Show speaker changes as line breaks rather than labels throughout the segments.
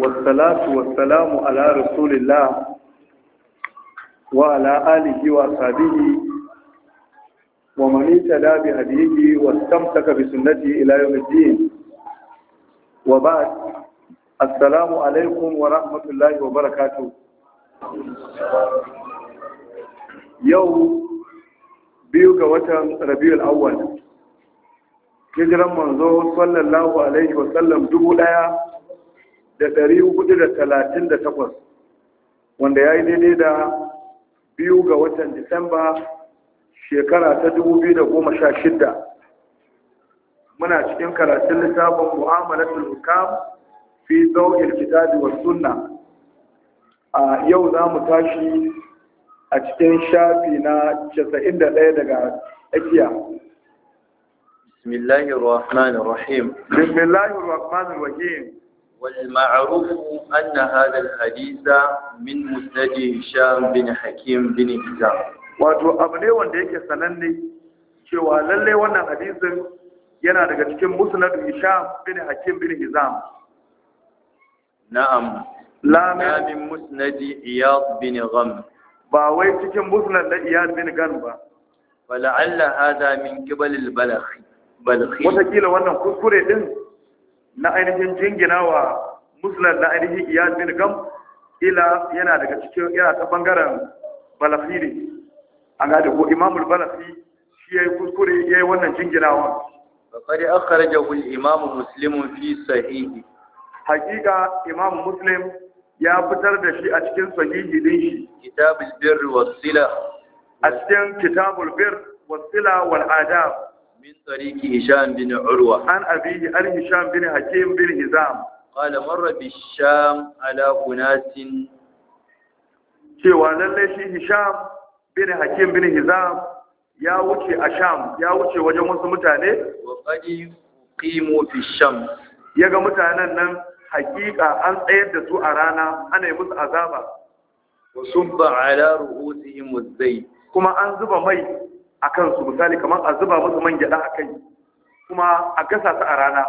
wasalatu wasalamu ala rasulillah wa ala alihi wa sahbihi wa man ittaba bi hadihi wa istamsaka bi sunnatihi ila yawm al-din wa ba'd assalamu alaykum wa rahmatullahi wa barakatuh yau biyu ga watan rabiul awwal hijran manzo sallallahu alaihi wa sallam dubu daya da ɗari hudu da talatin da takwas wanda ya yi daidai da biyu ga watan disamba shekara ta dubu biyu da goma sha shidda muna cikin karatun littafin mu'amalatul hukam fi zau'il kitabi wa sunna a yau za mu tashi a cikin shafi na 91 daga tsakiya
بسم الله الرحمن الرحيم بسم الله
الرحمن
الرحيم والمعروف أن هذا الحديث من مسند هشام بن حكيم بن هشام
wato abu ne wanda yake sananne cewa lallai wannan hadisin yana daga cikin musnad hisham bin hakim bin hizam
na'am la min musnad iyad bin gham
ba wai cikin musnad na iyad bin gham ba fala'alla hadha min qibal
al-balagh balagh wata
kila wannan kuskure din na ainihin jingina wa musulun na ainihin iyad bin gam ila yana daga cikin yana ta bangaren balafi ne an gada ko imamul balafi shi ya yi kuskure ya yi wannan jinginawa faqad akhrajahu al imamu muslim fi sahihi Hakika, imamu Musulmi ya fitar da shi a cikin sahihi din shi kitabul
birr wasila
a cikin kitabul birr wasila wal adab Min من طريق هشام بن عروة عن أبيه عن هشام بن حكيم بن هزام
قال مر بالشام على أناس cewa lallai
shi Hisham bin Hakim bin Hizam ya wuce a Sham ya wuce wajen wasu mutane wa qadi qimu fi Sham yaga mutanen nan hakika an tsayar da su a rana ana yi musu azaba wa sumba ala ru'usihim az-zayt kuma an zuba mai a kansu misali kamar a zuba musu man gyada a kai kuma a gasa su a rana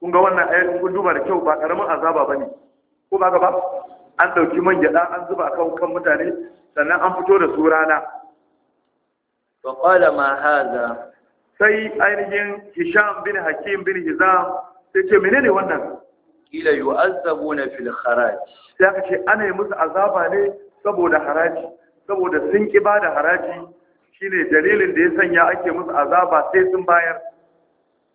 kun ga wannan ayyukan eh, kun duba da kyau ba karamin azaba ba ne ko ba ba an ɗauki man gyada an zuba a kan kan mutane sannan an fito da su rana ba kwada ma haza sai ainihin hisham bin hakim bin hiza sai ce menene wannan
kila na fil haraji.
sai aka ce ana yi musu azaba ne saboda haraji saboda sun ba da haraji shine dalilin da ya sanya ake musu azaba sai sun bayar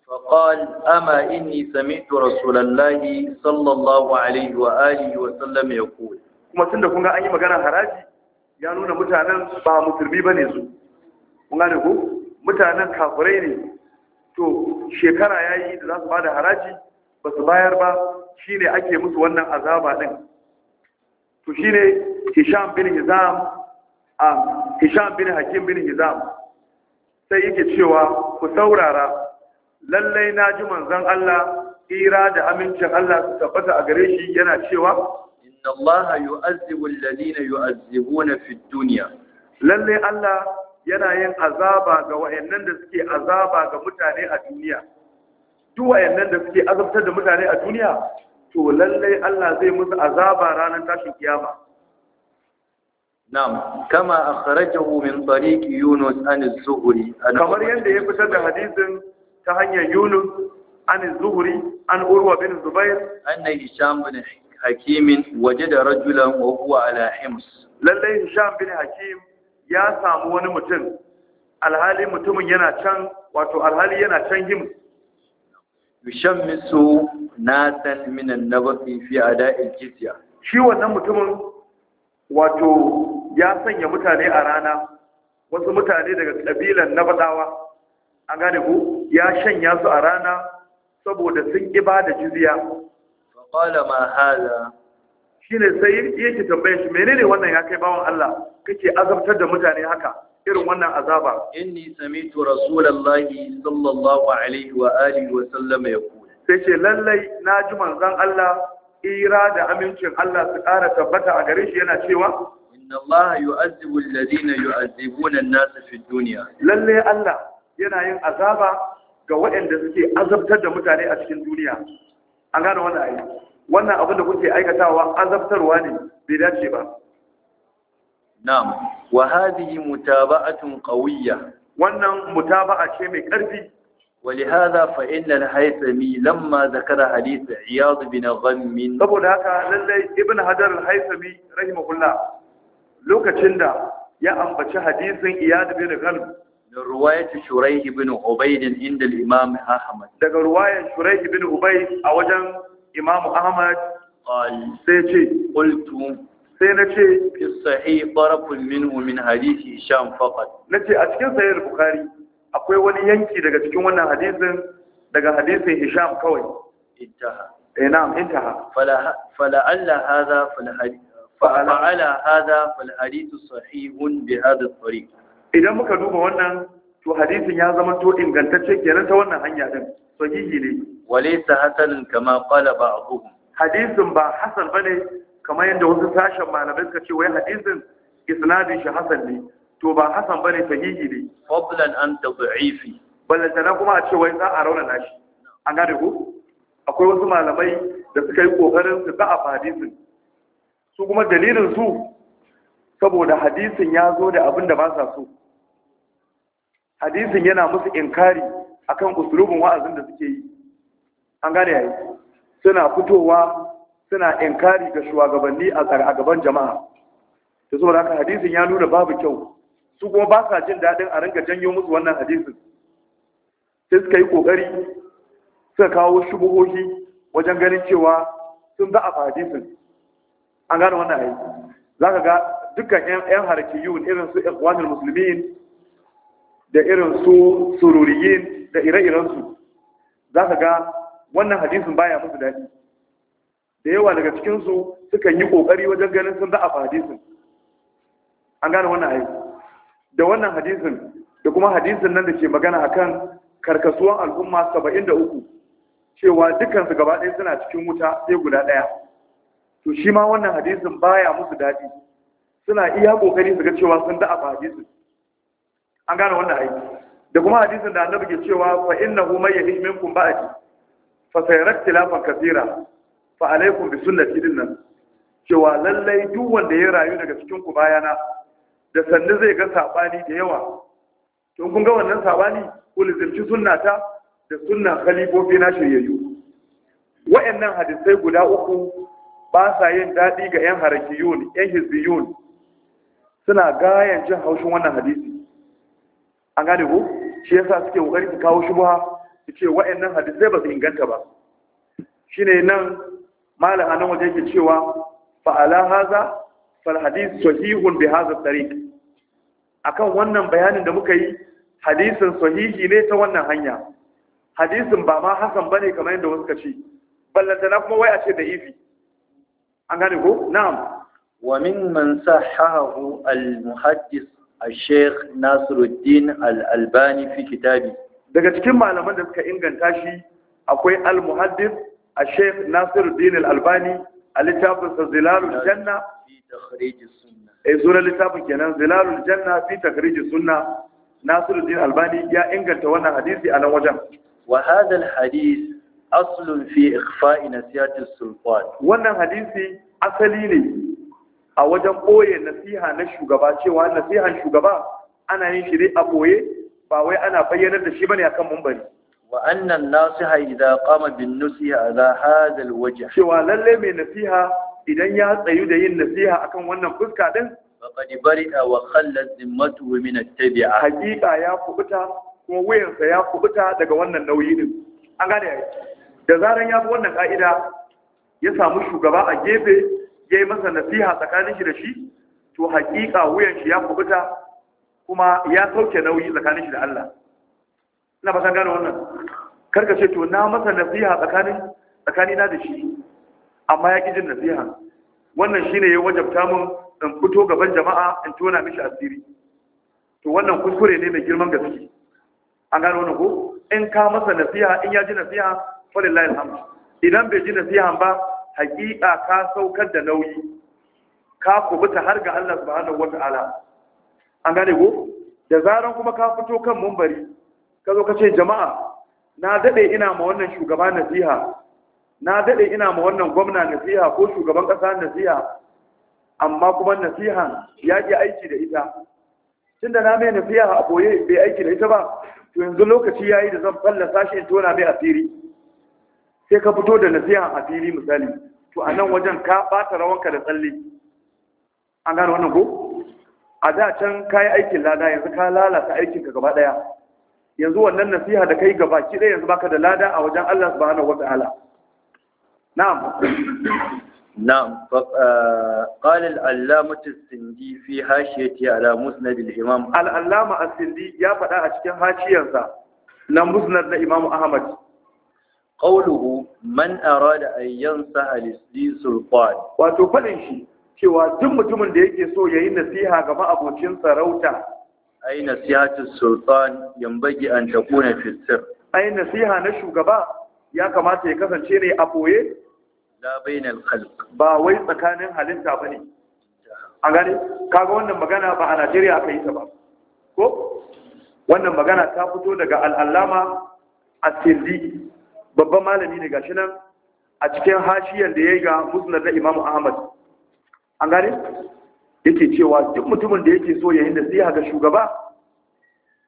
فقال أما إني سمعت رسول
sallallahu alaihi الله عليه وآله وسلم يقول kuma tunda kun ga an yi magana haraji ya nuna mutanen ba musulmi bane su kun gane ko mutanen kafirai ne to shekara yayi da za su bada haraji ba su bayar ba shine ake musu wannan azaba din to shine Hisham bin Hizam a hisham bin hakim bin hizam sai yake cewa ku saurara lallai na ji manzon Allah tsira da amincin Allah su tabbata a gare shi yana cewa
inna Allah yu'azzibu alladhina yu'azzibuna fid dunya
lallai Allah yana yin azaba ga wayannan da suke azaba ga mutane a duniya duk wayannan da suke azabtar da mutane a duniya to lallai Allah zai musu azaba ranar tashin kiyama Na'am, kama akhrajahu min tariqi Yunus an zuhuri Kamar yadda ya fita da hadizin ta hanyar Yunus an zuhuri an Urwa bin Zubair
annai Hisham bin Hakim wajada rajulan wa huwa ala hims.
Lalle Hisham bin Hakim ya samu wani mutum alhali mutumin yana can wato alhali yana can Hims. Yushammisu
nasan min an-nabti fi ada'il jizya.
Shi mutumin wato ya sanya mutane a rana wasu mutane daga ƙabilan na baɗawa an gane ku ya shanya su a rana saboda sun ƙiba da jiziya faƙala ma shi ne sai yake tambaye shi menene wannan ya kai bawan Allah kake azabtar da mutane haka irin wannan azaba
inni samitu
rasulullahi sallallahu alaihi wa alihi wa sallam yaqul sai ce lallai na ji manzon Allah tsira da amincin Allah su ƙara tabbata a gare shi yana cewa
inna Allah yu'azzibu alladhina yu'azzibuna an-nasa fi dunya lalle
Allah yana yin azaba ga waɗanda suke azabtar da mutane a cikin duniya an gane wannan ayi wannan abin da kuke aikatawa azabtarwa ne bai dace ba na'am wa hadhihi mutaba'atun qawiyya wannan mutaba'a
ce mai ƙarfi ولهذا فإن الهيثمي لما ذكر حديث عياض بن غم saboda
haka lallai ibn hajar al-haythami rahimahullah lokacin da ya ambaci hadisin iyad bin ghalm
da riwayat shuraih ibn ubayd inda al ahmad
daga riwayat shuraih ibn ubayd a wajen imam ahmad sai ce qultu sai nace fi sahih
tarafun minhu min hadisi hisham faqat
nace a cikin sayar al akwai wani yanki daga cikin wannan hadisin daga hadisin Hisham kawai intaha eh na'am intaha
fala fala alla hadha fala fa'ala hadha fal
hadithu sahihun bi hadha at-tariq idan muka duba wannan to hadisin ya zama to ingantacce kenan ta wannan hanya din sahihi ne walaysa hasanan kama qala ba'dhum hadisin ba hasan bane kamar yadda wasu sashen malamai suka ce wai hadisin isnadin shi hasan ne to ba hasan bane sahihi ne fadlan
an tad'ifi
ballantana kuma a ce wai za a raura nashi. an gane ku akwai wasu malamai da suka yi kokarin su za hadisin su kuma dalilin su saboda hadisin ya zo da abin da ba sa so hadisin yana musu inkari akan usulubin wa'azin da suke yi an gane yayi suna fitowa suna inkari ga shugabanni a gaban jama'a da saboda haka hadisin ya nuna babu kyau su kuma ba sa jin daɗin a ringa janyo musu wannan hadisin sai suka yi ƙoƙari suka kawo shubuhohi wajen ganin cewa sun za a hadisin an gane wannan aiki za ka ga dukkan 'yan harakiyun irin su ikwanin musulmin da irin su sururiyin da ire-irensu za ka ga wannan hadisin baya musu daɗi da yawa daga cikinsu sukan yi ƙoƙari wajen ganin sun za a hadisin an gane wannan aiki da wannan hadisin da kuma hadisin nan da ke magana akan karkasuwan al'umma saba'in da uku cewa dukansu gaba ɗaya suna cikin wuta sai guda ɗaya to shi ma wannan hadisin baya musu daɗi suna iya ƙoƙari su ga cewa sun da ba hadisin an gane wannan aiki da kuma hadisin da annabi ke cewa fa innahu may yahish minkum ba'di fa rakti ikhtilafan kathira fa alaykum bi sunnati dinnan cewa lallai duk wanda ya rayu daga cikin ku bayana da sannu zai ga saɓani da yawa tun kun ga wannan saɓani ku lizirci sunnata da sunna khalifofi na shiryayyu wa'annan hadisai guda uku ba sa yin daɗi ga 'yan harakiyun 'yan yun suna gayan jin haushin wannan hadisi an gane ku shi yasa suke kokari su kawo shubha su ce wa'annan hadisai ba su inganta ba shine nan malam anan waje yake cewa fa ala haza fal hadith sahihun bi hadha tariq akan wannan bayanin da muka yi hadisin sahihi ne ta wannan hanya hadisin ba ma hasan bane kamar da wasu ka ce ballanta na kuma wai a ce da ifi an gane ko na'am wa min man sahahu
al muhaddis al sheikh nasiruddin al albani fi kitabi
daga cikin malaman da suka inganta shi akwai al muhaddis al sheikh nasiruddin al albani a littafin sa zilalul janna
fi takhrij
eh sunan littafin kenan zilalul janna fi takhrij sunna nasiruddin albani ya inganta wannan hadisi a nan wajen wa hadha alhadith aslun fi ikhfa'i wannan hadisi asali ne a wajen boye nasiha na shugaba cewa nasihan shugaba ana yin shi ne a boye ba wai ana bayyanar da shi bane akan mumbari wa annan nasiha idza qama bin nasiha ala hadha alwajh cewa lalle mai nasiha idan ya tsayu da yin nasiha akan wannan fuska din
faqad bari'a wa khallat zimmatu min at-tabi'a Hakika
ya kubuta kuma wuyansa ya kubuta daga wannan nauyi din an gane da zaran ya bi wannan ka'ida ya samu shugaba a gefe ya yi masa nasiha tsakanin shi da shi to hakika wuyan shi ya kubuta kuma ya sauke nauyi tsakanin shi da Allah ina ba san gane wannan karka ce to na masa nasiha tsakanin tsakanina da shi amma ya ƙi jin nasiha wannan shine ya wajabta mun in fito gaban jama'a in tona mishi asiri to wannan kuskure ne mai girman gaske an gano wannan ko in ka masa nasiha in ya ji nasiha falillahi alhamd idan bai ji nasiha ba haƙiƙa ka saukar da nauyi ka kubuta har ga Allah subhanahu wata'ala an gane ko da zaran kuma ka fito kan mumbari ka zo ka ce jama'a na dade ina ma wannan shugaba nasiha na daɗe ina ma wannan gwamna nasiha ko shugaban ƙasa nasiha amma kuma nasihan ya ƙi aiki da ita tunda na mai nasiha a boye bai aiki da ita ba to yanzu lokaci yayi da zan fallasa shi in tona mai asiri sai ka fito da nasiha a fili misali to a nan wajen ka ɓata rawanka da tsalle an gane wannan ko a da can ka yi aikin lada yanzu ka lalata aikinka gaba ɗaya yanzu wannan nasiha da kai ki ɗaya yanzu baka da lada a wajen Allah subhanahu wa ta'ala نعم نعم
قال العلامة السندي في
حاشيته على مسند الإمام العلامة السندي يا فدا أشكال حاشية لمسند الإمام أحمد قوله من أراد أن ينصح لسدي سلطان وتفلن شيء cewa duk mutumin da yake so ya yi nasiha ga ma'abocin sarauta
ai nasihatul sultan yambagi an takuna fi
ai nasiha na shugaba ya kamata ya kasance ne a boye
la bainal khalq
ba wai tsakanin halitta bane an gane kaga wannan magana ba a Najeriya aka yi ta ba ko wannan magana ta fito daga al-Allama At-Tirmidhi babban malami ne gashi nan a cikin hashiyar da yayi ga Musnad na Imam Ahmad an gane yake cewa duk mutumin da yake so yayin nasiha ga shugaba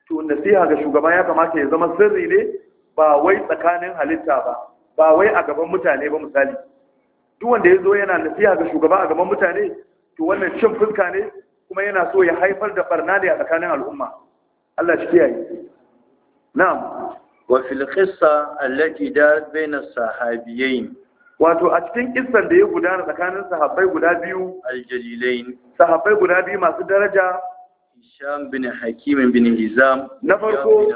to nasiha ga shugaba ya kamata ya zama sirri ne ba wai tsakanin halitta ba ba wai a gaban mutane ba misali duk wanda ya zo yana nasiha ga shugaba a gaban mutane to wannan cin fuska ne kuma yana so ya haifar da barna ne a tsakanin al'umma Allah shi kiyaye na'am wa fil qissa allati dalat bayna sahabiyayn wato a cikin kissan da ya gudana tsakanin sahabbai guda biyu
aljalilain
sahabbai guda biyu masu daraja Hisham bin Hakim bin Hizam na farko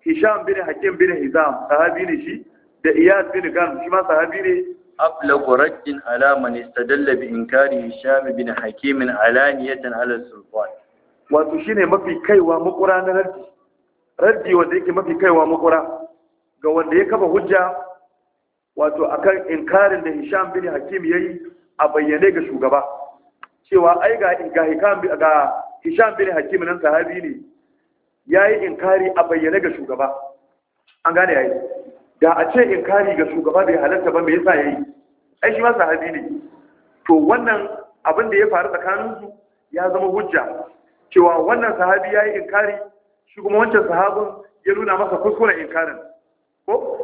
Hisham bin Hakim bin Hizam sahabi ne shi da Iyad bin Gam shi ma sahabi ne
أبلغ رد على من استدل بإنكار هشام بن حكيم علانية على السلطان
وتشيني ما في كيوة مقرى ردي رد وذيك ما في كيوة مقرى قوان ليك بهجة wato akan inkarin da Hisham bin Hakim yayi a bayyane ga shugaba cewa ai ga ga Hisham ga Hisham bin Hakim nan sahabi ne yayi inkari a bayyane ga shugaba an gane yayi da a ce inkari ga shugaba bai halarta ba me yasa yayi ai shi ma sahabi ne to wannan abin da ya faru tsakanin su ya zama hujja cewa wannan sahabi ya yi inkari shi kuma wancan sahabin ya nuna masa kuskuren inkarin ko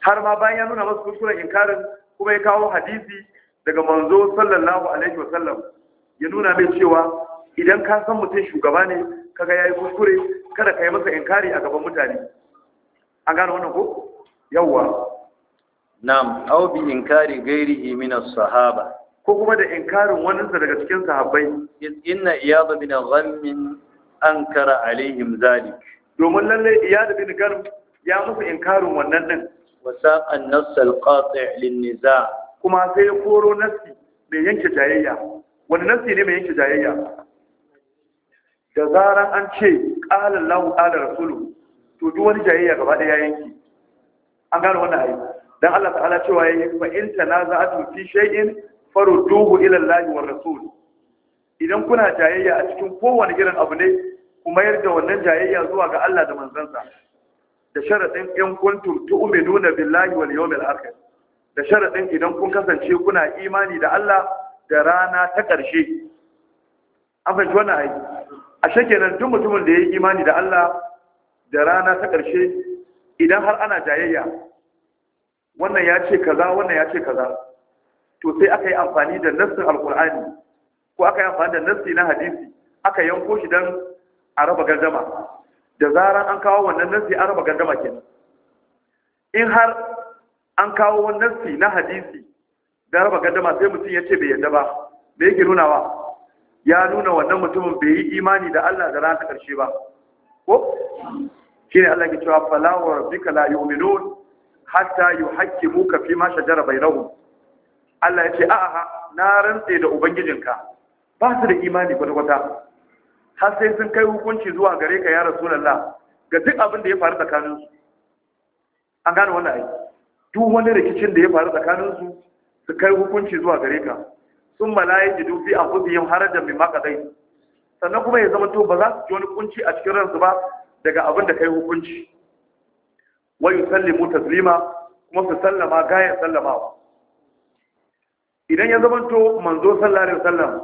har ma bayan ya nuna masa kuskuren inkarin kuma ya kawo hadisi daga manzo sallallahu alaihi wa ya nuna mai cewa idan ka san mutum shugaba ne kaga yayi kuskure kada ka yi masa inkari a gaban mutane an gane wannan ko yawwa na aw bi inkari
ghairihi min as-sahaba
ko kuma da inkarin waninsa daga cikin sahabbai inna
iyad bin an ankara alaihim zalik domin
lalle iyad bin gharm ya musu inkarin wannan din Wasa an-nass al-qati' lin-niza' kuma sai ya koro nassi da yanke jayayya wani nassi ne mai yanke jayayya da zaran an ce qala Allahu qala rasulu, to duk wani jayayya gaba ɗaya yanke. an gano wannan ayi dan Allah ta'ala cewa yayi fa in tanaza'atu fi shay'in farudduhu ila Allah wa rasul idan kuna jayayya a cikin kowane irin abu ne ku mayar da wannan jayayya zuwa ga Allah da manzansa da sharadin in kuntum tu'minuna billahi wal yawmil akhir da sharadin idan kun kasance kuna imani da Allah da rana ta ƙarshe an fahimci wannan aiki a shekenan duk mutumin da ya yi imani da Allah da rana ta ƙarshe idan har ana jayayya wannan ya ce kaza wannan ya ce kaza to sai aka yi amfani da nassin alkur'ani ko aka yi amfani da nassi na hadisi aka yanko shi don a raba gardama da zaran an kawo wannan nassi an raba gardama kenan in har an kawo wannan nassi na hadisi da raba gardama sai mutum ya ce bai yadda ba me yake nunawa ya nuna wannan mutumin bai yi imani da Allah da ranar ƙarshe ba ko shine Allah ke cewa fala wa rabbika la yu'minun hatta yuhakkimuka fi ma shajara bainahum Allah ya ce a na rantse da ubangijinka ba su da imani kwata kwata har sai sun kai hukunci zuwa gare ka ya rasulullah ga duk abin da ya faru tsakanin su an gane wannan ai duk wani rikicin da ya faru tsakanin su su kai hukunci zuwa gare ka sun malaye ji dubi a kudi yin harajan mai makadai sannan kuma ya zama to ba za su ji wani kunci a cikin ransu ba daga abin da kai hukunci wa ta taslima kuma su sallama gayan sallamawa idan ya zamanto manzo sallallahu alaihi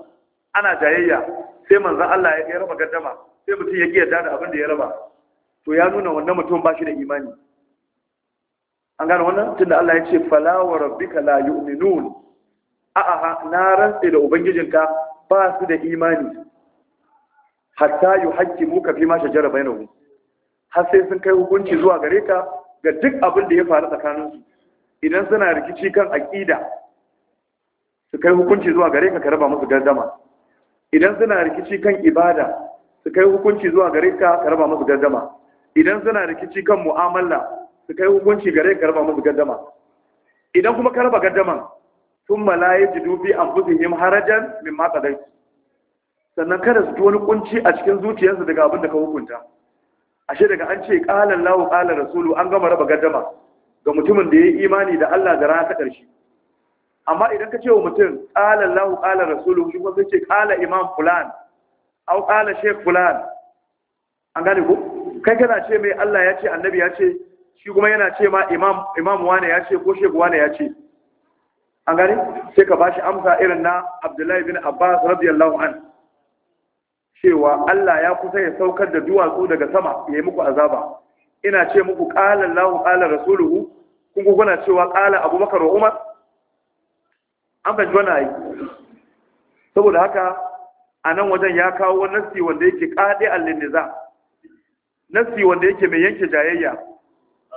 ana jayayya sai manzo Allah ya raba gaddama sai mutum ya ki yarda da abin da ya raba to ya nuna wannan mutum ba shi da imani an gane wannan tunda Allah ya ce fala wa rabbika la yu'minun a'a na rantsa da ubangijinka ba su da imani hatta yuhaqqimuka fi ma shajara bainahum har sai sun kai hukunci zuwa gare ka ga duk abin da ya faru tsakaninsu idan suna rikici kan aƙida su kai hukunci zuwa gare ka ka raba musu gardama idan suna rikici kan ibada su kai hukunci zuwa gare ka ka raba musu gardama idan suna rikici kan mu'amala su kai hukunci gare ka raba musu gardama idan kuma ka raba gardaman sun malaye ji dubi an fusi him harajan min matsadai sannan kada su ji wani kunci a cikin zuciyarsu daga abin da ka hukunta ashe daga an ce ƙalan lawo ƙalan rasulu an gama raba gaddama ga mutumin da ya yi imani da Allah da rana ta ƙarshe amma idan ka ce wa mutum ƙalan lawo ƙalan rasulu shi kuma sai ce ƙala imam fulan au ƙala shek fulan an gane ko kai kana ce mai Allah ya ce annabi ya ce shi kuma yana ce ma imam imam wane ya ce ko shek wane ya ce an gane sai ka bashi amsa irin na Abdullahi bin Abbas radiyallahu anhu cewa Allah ya kusa ya saukar da duwatsu daga sama ya yi muku azaba ina ce muku ƙala Allah ƙala rasuluhu kun kuna cewa Abu Abubakar wa Umar an ba jona yi saboda haka a nan wajen ya kawo nasi wanda yake qadi al-niza nasi wanda yake mai yanke jayayya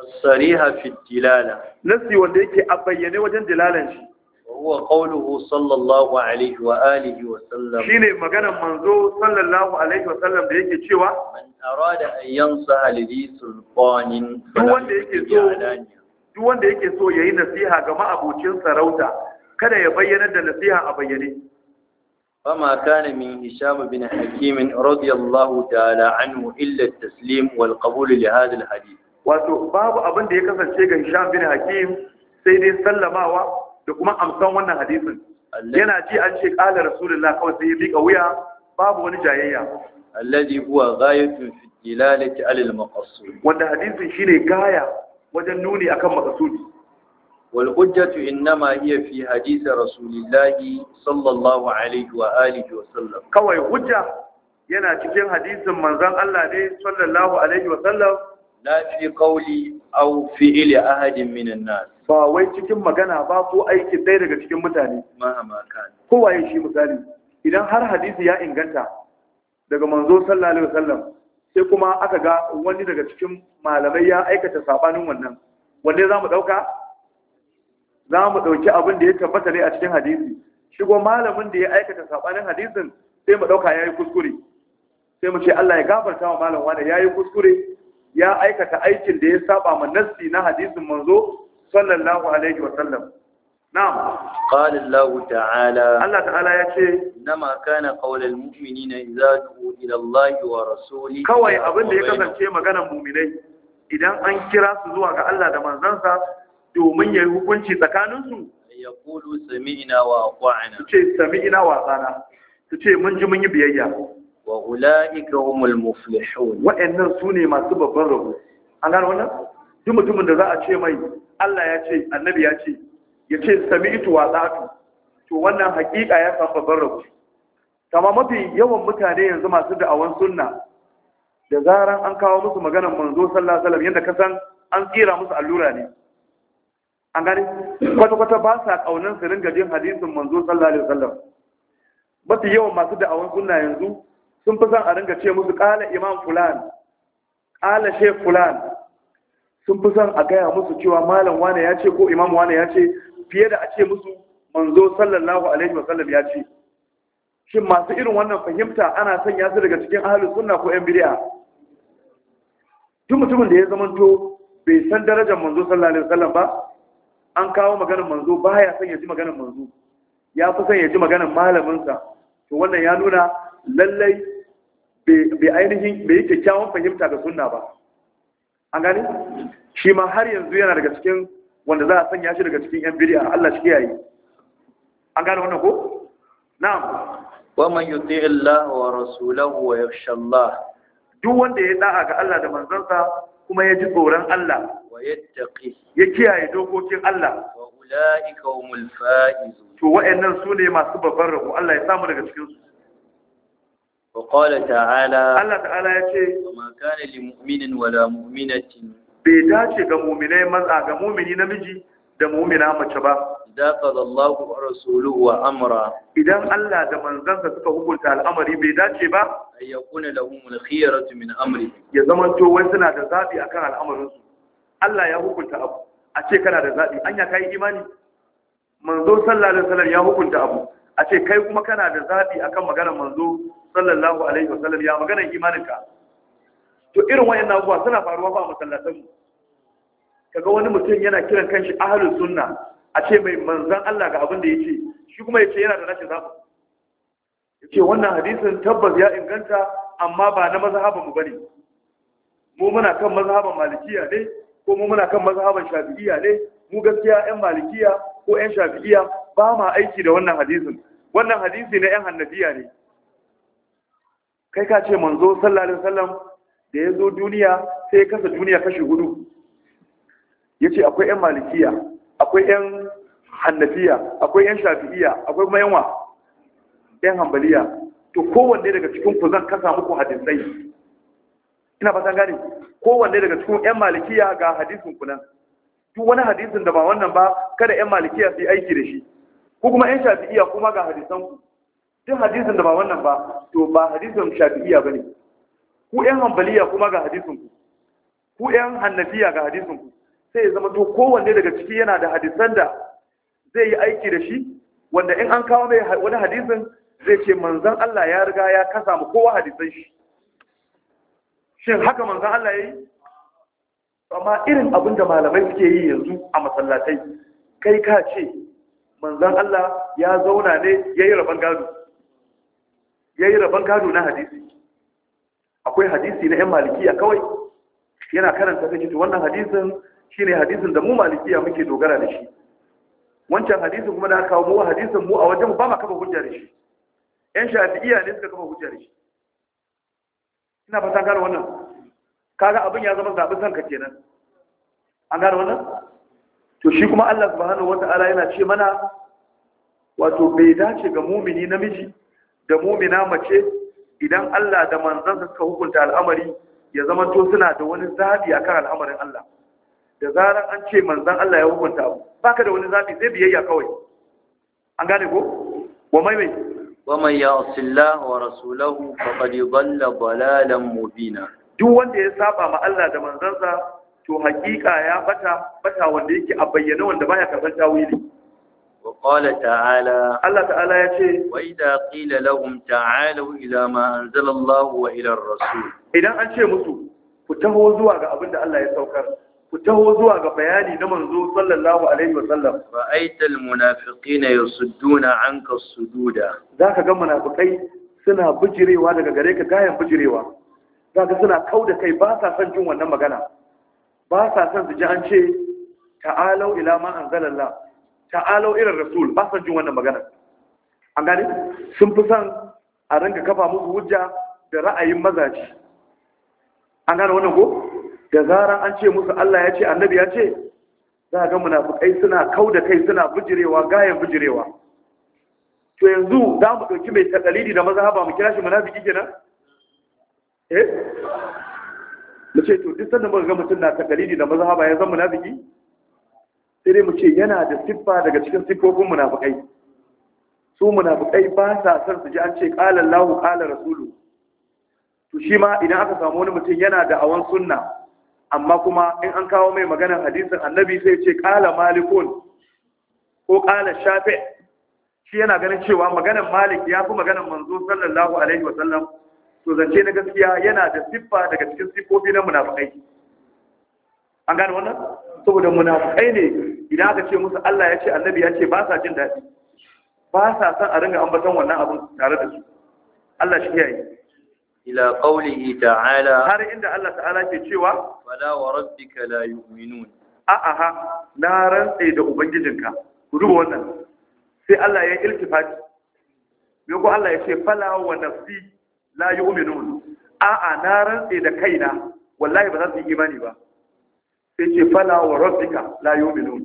as-sariha fi dilala
nasi wanda yake a bayyane wajen dilalan shi
huwa qawluhu sallallahu alaihi wa alihi wa sallam
shine maganar manzo sallallahu alaihi wa sallam da yake cewa man
arada an yansaha li sulqanin
duk wanda yake so duk wanda yake so yayi nasiha ga ma'abocin sarauta kada ya bayyana da nasiha a bayyane
فما كان من هشام بن حكيم رضي الله Taslim, wal إلا التسليم والقبول لهذا الحديث
wato babu abin da ya kasance ga Hisham bin Hakim sai dai sallamawa da kuma amsan wannan hadisin yana ji an ce qala rasulullah kawai sai ya miƙa wuya babu wani jayayya
alladhi huwa ghayatu fi dilalati alal maqsud wanda hadisin shine gaya wajen nuni akan maqsudi wal hujjatu innama hiya fi
hadisi rasulillah sallallahu alaihi wa alihi wa sallam kawai hujja yana cikin hadisin manzon Allah ne sallallahu alaihi wa sallam la fi qawli aw fi'li ahadin minan nas ba wai cikin magana ba ko aiki dai daga cikin mutane mahama kan kowa ya shi misali idan har hadisi ya inganta daga manzo sallallahu alaihi wasallam sai kuma aka ga wani daga cikin malamai ya aikata sabanin wannan wanda za mu zamu dauki ɗauki abin da ya tabbata ne a cikin hadisi shigo malamin da ya aikata sabanin hadisin sai mu ɗauka ya yi kuskure sai mu ce Allah ya gafarta wa malamin wanda ya yi kuskure ya aikata aikin da ya saba ma nassi na hadisin manzo sallallahu alaihi wasallam na'am qala Allah ta'ala Allah ta'ala yace
nama kana qaulul mu'minina idza
du'u ila Allah wa rasulihi kawai abinda ya kasance maganar mu'minai idan an kira su zuwa ga Allah da manzansa domin yayi hukunci tsakaninsu
yaqulu
sami'na wa ata'na ce sami'na wa ata'na ce mun ji mun yi biyayya wa ulaika humul muflihun wa'annan sune masu babban rabo an gano wannan duk mutumin da za a ce mai Allah ya ce annabi ya ce ya ce sami'tu wa za'atu to wannan hakika ya san babban rabo kama mafi yawan mutane yanzu masu da'awan sunna da zaran an kawo musu maganar manzo sallallahu alaihi wasallam yadda ka san an tsira musu allura ne an gani kwata-kwata ba sa kaunan su ringa jin hadisin manzo sallallahu alaihi wasallam mafi yawan masu da'awan sunna yanzu sun fi son a ringa ce musu ƙala imam fulan ƙala shef fulan sun fi son a gaya musu cewa malam wane ya ce ko imam wane ya ce fiye da a ce musu manzo sallallahu alaihi wa sallam ya ce shin masu irin wannan fahimta ana sanya su daga cikin ahlus sunna ko yan bid'a Tun mutumin da ya zamanto bai san darajar manzo sallallahu alaihi wa sallam ba an kawo maganar manzo ya son ya ji maganar manzo ya fi son ya ji maganar malaminsa to wannan ya nuna lallai bai ainihin bai yi kyakkyawan fahimta ga sunna ba an gani shi ma har yanzu yana daga cikin wanda za a sanya shi daga cikin yan bid'a Allah shi kiyaye an gane wannan ko na'am wa man yuti Allah wa rasulahu wa yakhsha Allah duk wanda ya da'a ga Allah da manzansa kuma ya ji tsoron Allah wa yattaqi ya kiyaye dokokin Allah wa
ulaika humul
faizun to wa'annan sune masu babbar rabo Allah ya samu daga cikin su
وقال تعالى الله تعالى يتي وما كان لمؤمن ولا مؤمنة بيداش
كمؤمنين مزع كمؤمنين نمجي da mu'mina mace ba idan qadallahu wa rasuluhu wa amra idan Allah da manzansa suka hukunta al'amari bai dace ba ay yakuna lahum al-khiyaratu min amri ya zama to wai suna da zabi akan al'amarin su Allah ya hukunta abu a ce kana da zabi anya kai imani manzo sallallahu alaihi wasallam ya hukunta abu a ce kai kuma kana da zabi akan maganar manzo sallallahu alaihi wasallam ya maganar imaninka to irin wayannan abubuwa suna faruwa ba a masallatan mu kaga wani mutum yana kiran kanshi ahlus sunna a ce mai manzan Allah ga abin da yake shi kuma yace yana da rashin zabi yace wannan hadisin tabbas ya inganta amma ba na mazhaban mu bane mu muna kan mazhaban malikiya ne ko mu muna kan mazhaban shafi'iyya ne mu gaskiya ɗan malikiya ko ɗan shafi'iyya ba ma aiki da wannan hadisin wannan hadisi na ɗan hannabiya ne kai ka ce manzo sallallahu alaihi wasallam da ya zo duniya sai ya kasa duniya kashi hudu ya ce akwai 'yan malikiya akwai 'yan hannafiya akwai 'yan shafi'iya akwai kuma yanwa 'yan hambaliya to kowanne daga cikin ku zan kasa muku hadisai ina fatan gane kowanne daga cikin 'yan malikiya ga hadisin ku nan duk wani hadisin da ba wannan ba kada 'yan malikiya su yi aiki da shi ko kuma 'yan shafi'iya kuma ga hadisan ku duk hadisin da ba wannan ba to ba hadisin shafi'iyya ba ne ku yan hanbaliya kuma ga hadisin ku yan hannafiya ga hadisin sai ya zama to kowanne daga ciki yana da hadisan da zai yi aiki da shi wanda in an kawo mai wani hadisin zai ce manzan Allah ya riga ya kasa mu kowa hadisan shi shin haka manzan Allah ya yi? amma irin abin da malamai suke yi yanzu a masallatai kai ka ce manzon Allah ya zauna ne ya yi rabon gado ya yi rabon gado na hadisi akwai hadisi na 'yan malikiya kawai yana karanta kan jitu wannan hadisin shi ne hadisin da mu malikiya muke dogara da shi wancan hadisin kuma da aka kawo mu hadisin mu a wajen ba ma kafa hujja da shi 'yan shafi'iya ne suka kafa hujja da shi ina fatan gano wannan kaga abin ya zama zaɓin ka kenan an gano wannan to shi kuma Allah subhanahu wata'ala yana ce mana wato bai dace ga mumini namiji da mumina mace idan Allah da manzansa suka hukunta al'amari ya zama to suna da wani a kan al'amarin Allah da zarar an ce manzan Allah ya hukunta abu baka da wani zabi zai biyayya kawai an gane ko wa mai mai
wa man ya'si Allah wa rasulahu faqad
dhalla dalalan mubina duk wanda ya saba ma Allah da manzansa to hakika ya bata bata wanda yake a bayyana wanda baya karban tawili qala ta'ala
Allah ta'ala yace wa idha qila lahum ta'alu ila ma anzala
Allah wa ila ar idan an ce musu ku taho zuwa ga abinda Allah ya saukar ku taho zuwa ga bayani na manzo sallallahu alaihi wa sallam fa
aital munafiqina yusudduna anka as-sududa
zaka ga munafukai suna bujirewa daga gare ka gayan bujirewa zaka suna kauda kai ba sa son jin wannan magana ba sa son su ji ce ta'alu ila ma anzala ta'alau irin rasul ba san jin wannan magana an gane sun fi son a ranka kafa musu hujja da ra'ayin mazaji an gane wannan ko da zarar an ce musu Allah ya ce annabi ya ce za ga munafukai suna kau da kai suna bujirewa gayan bujirewa to yanzu za mu ɗauki mai takalidi da mazhaba mu kira shi munafiki kenan eh mu ce to duk sanda muka ga mutum na takalidi da mazhaba ya zama munafiki sai dai mu ce yana da siffa daga cikin siffofin munafukai su munafukai ba sa son su ji an ce qala Allahu qala rasulu to shi ma idan aka samu wani mutum yana da awan sunna amma kuma in an kawo mai maganar hadisin annabi sai ce qala malikun ko qala shafi shi yana ganin cewa maganar malik ya fi maganar manzo sallallahu alaihi wasallam to zance na gaskiya yana da siffa daga cikin siffofi na munafukai an gane wannan saboda munafukai ne idan aka ce musu Allah ya ce annabi ya ce ba sa jin daɗi ba sa san a ringa ambaton wannan abin tare da su Allah shi yayi ila qawlihi ta'ala har inda Allah ta'ala ke cewa wala wa rabbika la yu'minun a aha na rantsa da ubangijinka ku duba wannan sai Allah ya iltifati me ko Allah ya ce fala wa nafsi la yu'minun a a na rantsa da kaina wallahi ba za su yi imani ba sai ce fala wa rabbika la yu'minun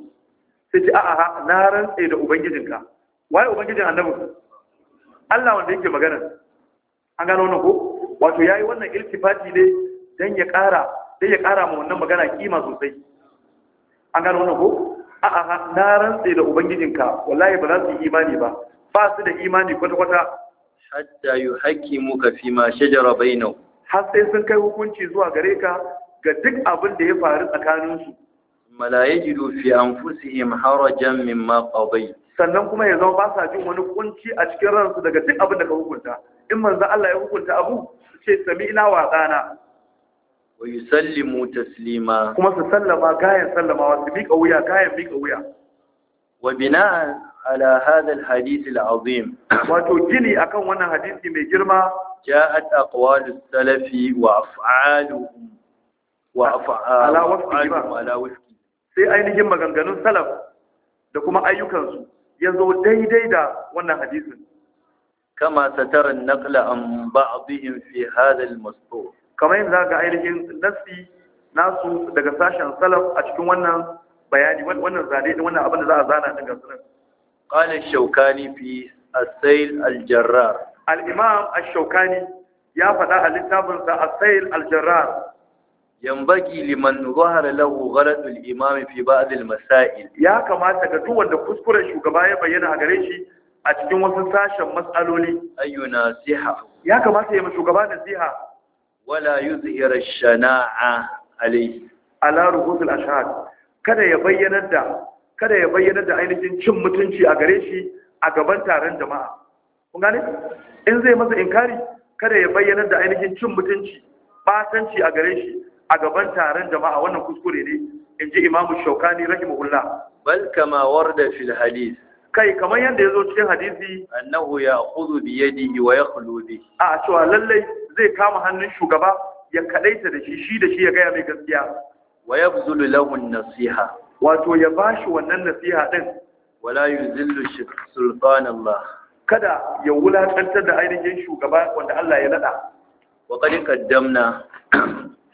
sai ce a'a na rantsa da ubangijinka waye ubangijin annabi Allah wanda yake magana an gano wannan ko wato yayi wannan iltifati ne dan ya ƙara dan ya ƙara ma wannan magana kima sosai an gano wannan ko a'a na rantsa da ubangijinka wallahi ba za su yi imani ba ba su da imani kwata-kwata
hatta yuhaqqimuka fi ma shajara bainahum
har sai sun kai hukunci zuwa gare ka ga duk abin da ya faru tsakaninsu
malayaji fi anfusihim harajan mimma qadayt
sannan kuma ya zama ba sa jin wani kunci a cikin ransu daga duk abin da ka hukunta in manzan Allah ya hukunta abu ce sami'na wa dana
wa yusallimu taslima
kuma su sallama gayan sallamawa su miƙa wuya gayan miƙa wuya wa bina ala hadha alhadith alazim wato gini akan wannan hadisi mai girma
ja'at aqwalu salafi wa af'aluhum wa ala ah,
waski sai ainihin maganganun salaf da kuma ayyukansu ya zo daidai da wannan hadisin kama
satarar naqla an ba'dihim
fi hadha masu mastur kamar yadda ga ainihin nasi nasu daga sashen salaf a cikin wannan bayani wannan zane din wannan abin da za a zana daga sunan.
nan Shaukani fi a sayl al-jarrar
a Shaukani ya faɗa a littafinsa a as-sayl yambagi liman zahara lahu gharadul imam fi ba'd al-masail ya kamata ga duk wanda kuskuren shugaba ya bayyana a gare shi a cikin wasu sashen matsaloli ayyuna siha ya kamata ya shugaba siha wala yuzhir ash-shana'a alayhi ala ruhus al-ashhad kada ya bayyana da kada ya bayyana da ainihin cin mutunci a gare shi a gaban taron jama'a kun gane in zai masa inkari kada ya bayyana da ainihin cin mutunci batanci a gare shi a gaban taron jama'a wannan kuskure ne in ji imamu shaukani rahimahullah bal
kama warda fil hadith
kai kamar yadda ya zo cikin hadisi annahu
ya khudhu bi yadihi wa yakhlu bi
a cewa lallai zai kama hannun shugaba ya kadaita da shi shi da shi ya gaya mai gaskiya wa yabzulu lahu nasiha wato ya bashi wannan nasiha din wala yuzillu sultan kada ya wulakantar da ainihin shugaba wanda Allah ya nada wa
qad qaddamna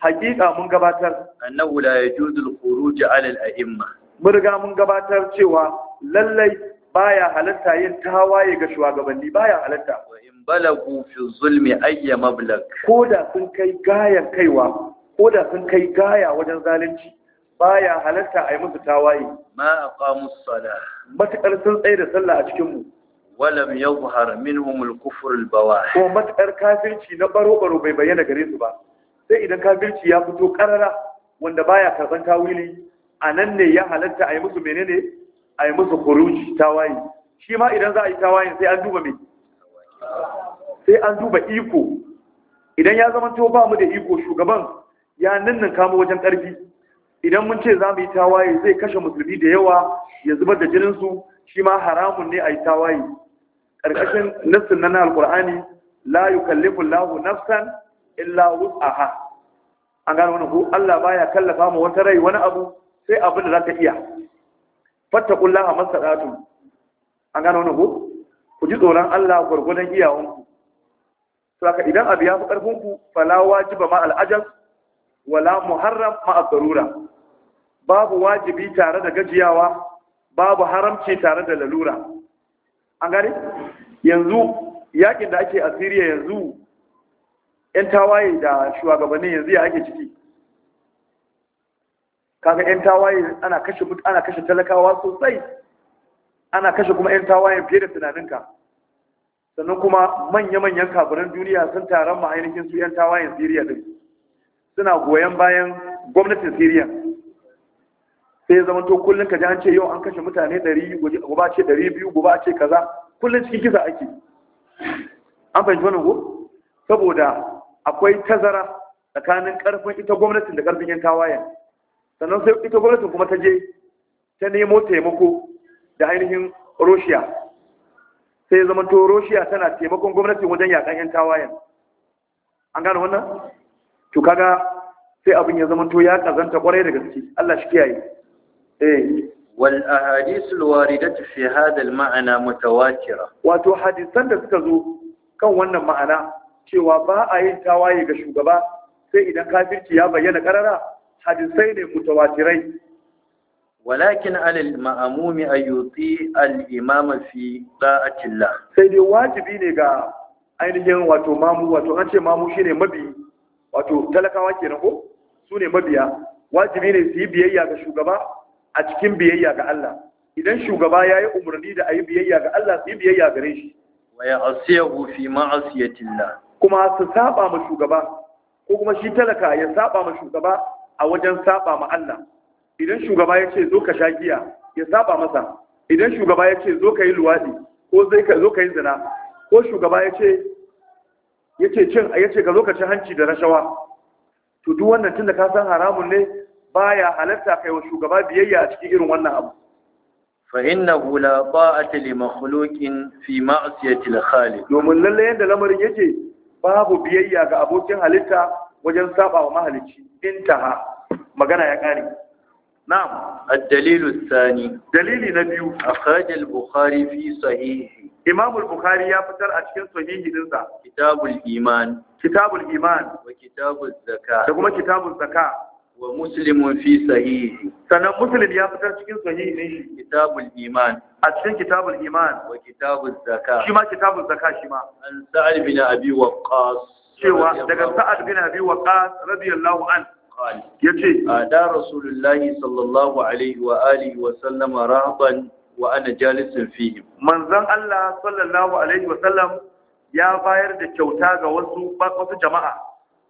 hakika mun gabatar annahu la yajuzul khuruj ala al-a'imma mun riga mun gabatar cewa lallai baya halatta yin tawaye ga shugabanni baya halatta wa
in balagu fi zulmi ayya
mablag koda sun kai gaya kaiwa koda sun kai gaya wajen zalunci baya halatta ayi musu tawaye ma aqamus sala matakar sun tsaye da sallah a cikin mu
walam yadhhar minhum al-kufr al-bawah
ko matakar kafirci na baro baro bai bayyana gare su ba sai idan kafirci ya fito karara wanda baya karban tawili a nan ne ya halatta a yi musu menene a yi musu kuruji tawaye shi ma idan za a yi tawayen sai an duba me sai an duba iko idan ya zama to ba mu da iko shugaban ya nannan kamo wajen ƙarfi idan mun ce za mu yi tawaye zai kashe musulmi da yawa ya zubar da jininsu shi ma haramun ne a yi tawaye ƙarƙashin nassin na alƙur'ani la yukallifu llahu nafsan illa wus'aha an gano wani ko Allah baya kallafa mu wata rai wani abu sai abin da za ta iya fattaqullaha masadatu an gano wani ko ku ji tsoron Allah gurgudan iyawanku saka idan abu ya fi karfin ku fala wajiba ma al'ajab wala muharram ma ad-darura babu wajibi tare da gajiyawa babu haramci tare da lalura an gani? yanzu yakin da ake asiriya yanzu 'yan tawaye da shugabannin yanzu ya ake ciki kaga 'yan tawaye ana kashe ana kashe talakawa sosai ana kashe kuma 'yan tawaye fiye da tunaninka sannan kuma manya-manyan kafinan duniya sun taron ma ainihin su 'yan tawayen siriya din suna goyon bayan gwamnatin siriya sai ya zamanto kullum ka ji an ce yau an kashe mutane 100 guba ce 200 guba ce kaza kullum cikin kisa ake an fahimci wannan ko saboda akwai tazara tsakanin karfin ita gwamnatin da karfin yan tawayen sannan sai ita gwamnatin kuma ta je ta nemo taimako da ainihin roshiya sai ya zama to roshiya tana taimakon gwamnatin wajen yakan yan tawayen an gane wannan to kaga sai abin ya zama to ya kazanta kwarai da gaske Allah shi kiyaye eh wal ahadith al waridat fi hadha al
ma'ana mutawatira
wato hadisan da suka zo kan wannan ma'ana cewa ba a yin tawaye ga shugaba sai idan kafirci ya bayyana karara hadisai ne mutawatirai
walakin alal ma'amumi ayuti al imam fi da'atillah
sai dai wajibi ne ga ainihin wato mamu wato an ce mamu shine mabi wato talakawa kenan ko su ne mabiya wajibi ne su yi biyayya ga shugaba a cikin biyayya ga Allah idan shugaba ya yi umarni da a yi biyayya ga Allah su yi biyayya gare shi
wa ya asiyahu fi ma'asiyatillah
kuma su saba ma shugaba ko kuma shi talaka ya saba ma shugaba a wajen saba ma Allah idan shugaba ya ce zo ka sha giya ya saba masa idan shugaba ya ce zo ka yi luwaɗi ko zai ka zo ka yi zina ko shugaba ya ce ya ce cin ya ce ka zo ka ci hanci da rashawa to duk wannan tunda ka san haramun ne baya halatta kai wa shugaba biyayya a cikin irin wannan abu
فإنه لا طاعة لمخلوق في معصية الخالق
domin lalle yanda lamarin yake babu biyayya ga abokin halitta wajen saba wa mahalicci intaha magana ya kare na'am
ad-dalilu ath-thani
dalili na biyu akhraj al-bukhari fi sahihi imam al-bukhari ya fitar a cikin sahihi dinsa kitabul iman kitabul iman wa kitabuz zakat da kuma kitabuz zakat wa muslimun
fi sahihi
sannan muslim ya fitar cikin sahihin ne. kitabul iman a cikin kitabul iman wa kitabuz zakat shi ma kitabuz zakat shi ma an sa'ad bin abi Waqas. cewa daga sa'ad bin abi Waqas radiyallahu an yace ah, da, rasulullahi
sallallahu alaihi wa alihi wa sallama rahban wa ana jalisun fihim manzon
Allah sallallahu alaihi wa sallam ya bayar da kyauta ga wasu wasu jama'a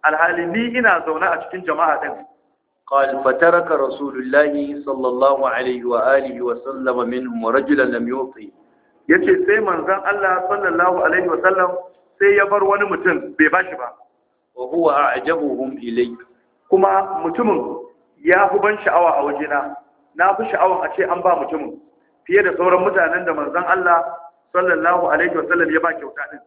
alhali ni ina zaune a cikin jama'a din
قال فترك رسول الله صلى الله عليه وآله وسلم منهم ورجلا لم يعطي
yace sai manzon Allah sallallahu alaihi wasallam sai ya bar wani mutum bai bashi ba a huwa a'jabuhum ilay kuma mutumin ya fi ban sha'awa a waje na fi sha'awan a ce an ba mutumin fiye da sauran mutanen da manzon Allah sallallahu alaihi wasallam ya ba kyauta din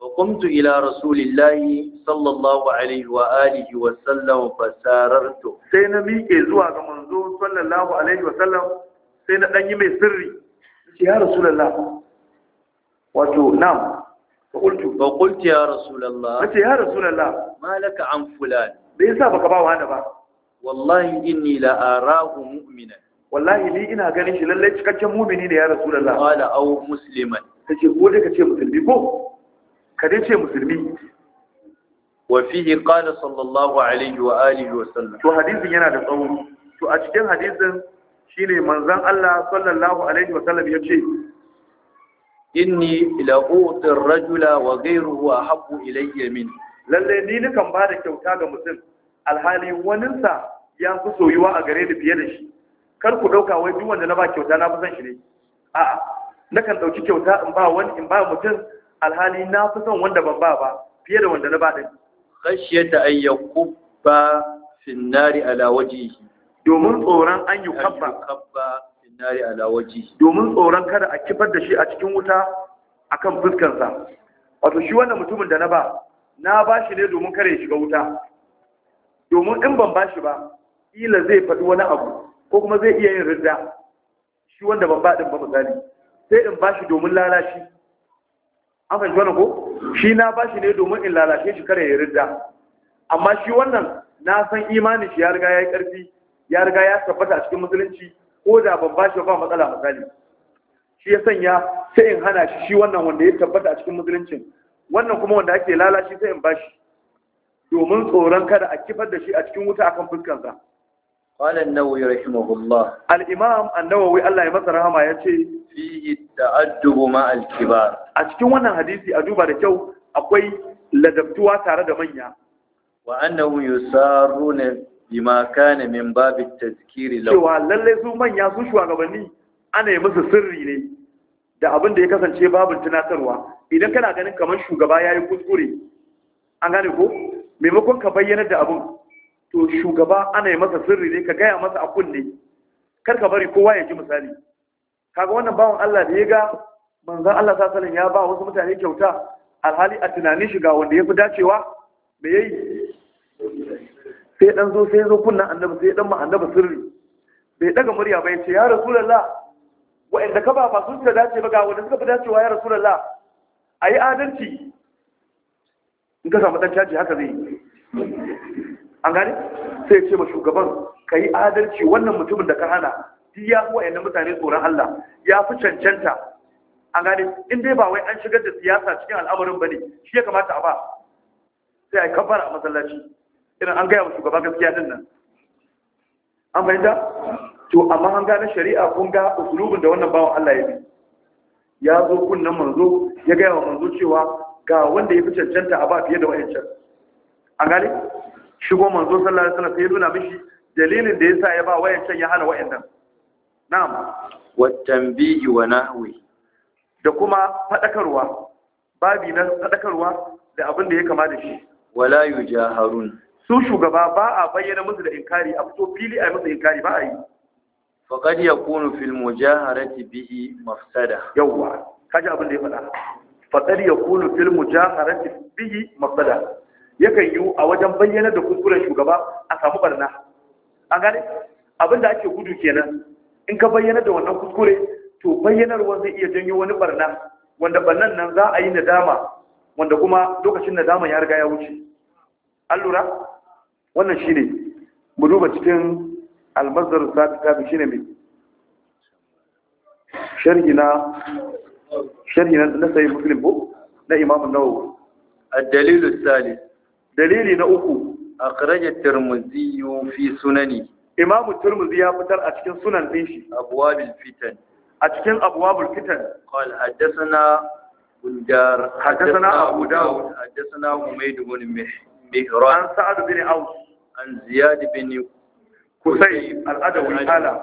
فقمت إلى رسول الله صلى
الله عليه وآله وسلم فساررت سينا ميكي زوا منزول صلى الله عليه وسلم سينا أني مي سري يا رسول الله وتو نعم فقلت
فقلت يا رسول الله أنت يا رسول الله ما لك عن فلان ليس بك باو هذا با والله إني لا أراه
مؤمنا والله لي إنا غني شي لله cikakken mu'mini ne ya rasulullah qala aw musliman kace ko dai kace musulmi ko ka ce musulmi wa fihi qala sallallahu alaihi wa alihi wa sallam to hadisin yana da tsawo to a cikin hadisin shine manzon Allah sallallahu alaihi wa sallam yace inni la uti ar-rajula wa ghayruhu ahabbu ilayya min lalle ni nukan bada kyauta ga mutum alhali waninsa ya fi soyuwa a gare ni fiye da shi kar ku dauka wai duk wanda na ba kyauta na fi son shi ne a'a nakan dauki kyauta in ba wani in ba mutum alhali na fi son wanda ban ba ba fiye da wanda na ba din
da an yakubba fi nari ala wajhihi domin tsoron
an yi kabba fi nari ala domin tsoron kada a kifar da shi a cikin wuta akan fuskarsa wato shi wannan mutumin da na ba na ba shi ne domin kare shiga wuta domin in ban ba shi ba ila zai faɗi wani abu ko kuma zai iya yin ridda shi wanda ban ba din ba misali sai in ba shi domin lalashi an fahimci wani ko shi na ba shi ne domin in lalace shi kare ya yarda. amma shi wannan na san imanin shi ya riga ya yi ƙarfi ya riga ya tabbata a cikin musulunci ko da ban ba shi ba matsala misali shi ya sanya sai in hana shi shi wannan wanda ya tabbata a cikin musuluncin wannan kuma wanda ake lalace sai in ba shi domin tsoron kada a kifar da shi a cikin wuta akan fuskansa
Kwanan Nnawowi rahimahullah.
Al’imam wai Allah ya matsa rahama ya ce, Fihi da addubu ma’alkibar. A cikin wannan hadisi a duba da kyau akwai ladabtuwa tare da manya. Wa
annahu yusaru
ne bi ma kane min babin tazkiri lau. Cewa lallai su manya su shugabanni ana yi musu sirri ne da abin da ya kasance babin tunatarwa. Idan kana ganin kamar shugaba ya yi kuskure, an gane ko? Maimakon ka bayyana da abin, to shugaba ana yi masa sirri ne ka gaya masa a kunne kar ka bari kowa ya ji misali kaga wannan bawan Allah da ya ga manzon Allah sallallahu alaihi ya ba wasu mutane kyauta alhali a tunanin shi ga wanda ya fi dacewa me yayi sai dan zo sai zo kunnan annabi sai dan ma annabi sirri bai daga murya ba yace ya rasulullah wa'anda ka ba ba sun ta dace ba ga wanda suka fi dacewa ya rasulullah ayi adalci in ka samu dan caji haka zai an gani sai ce ma shugaban ka yi adalci wannan mutumin da ka hana duk ya fi wa'yan mutane tsoron Allah ya fi cancanta an gani in dai ba wai an shigar da siyasa cikin al'amarin ba ne shi ya kamata a ba sai a yi kafara a masallaci irin an gaya wa shugaban gaskiya din nan an fahimta to amma an gane shari'a kun ga usulubin da wannan bawan Allah ya bi ya zo kunnan manzo ya gaya wa manzo cewa ga wanda ya fi cancanta a ba fiye da wa'ancan an gani shigo manzo sallallahu alaihi wasallam sai ya nuna mishi dalilin da yasa ya ba wayancan ya hana wayannan na'am
watanbihi wa nahwi
da kuma fadakarwa babi na fadakarwa da abin da ya kama da shi wala
yujaharun
su shugaba ba a bayyana musu da inkari a fito fili a musu inkari ba a yi
faqad yakunu fil mujaharati bihi mafsada yawa
kaji abin da ya faɗa faqad yakunu fil mujaharati bihi mafsada yakan yi a wajen bayyanar da kuskuren shugaba a samu barna an gane abin da ake gudu kenan in ka bayyanar da wannan kuskure to bayyanarwa zai iya janyo wani barna wanda barnan nan za a yi nadama wanda kuma lokacin nadama ya riga ya wuce an lura wannan shi ne mu duba cikin almazar sati tafi shi ne mai sharhi na sayi muslim ko na imamun nawawa
الدليل الثالث
dalili na uku akhrajat tirmidhi fi sunani imamu turmuzi ya fitar a cikin sunan din shi abwabil fitan a cikin abwabul fitan qal haddathana
bunjar haddathana abu daud haddathana umayd bin mihran an sa'adu bin aus an ziyad bin kusayb al-adawi qala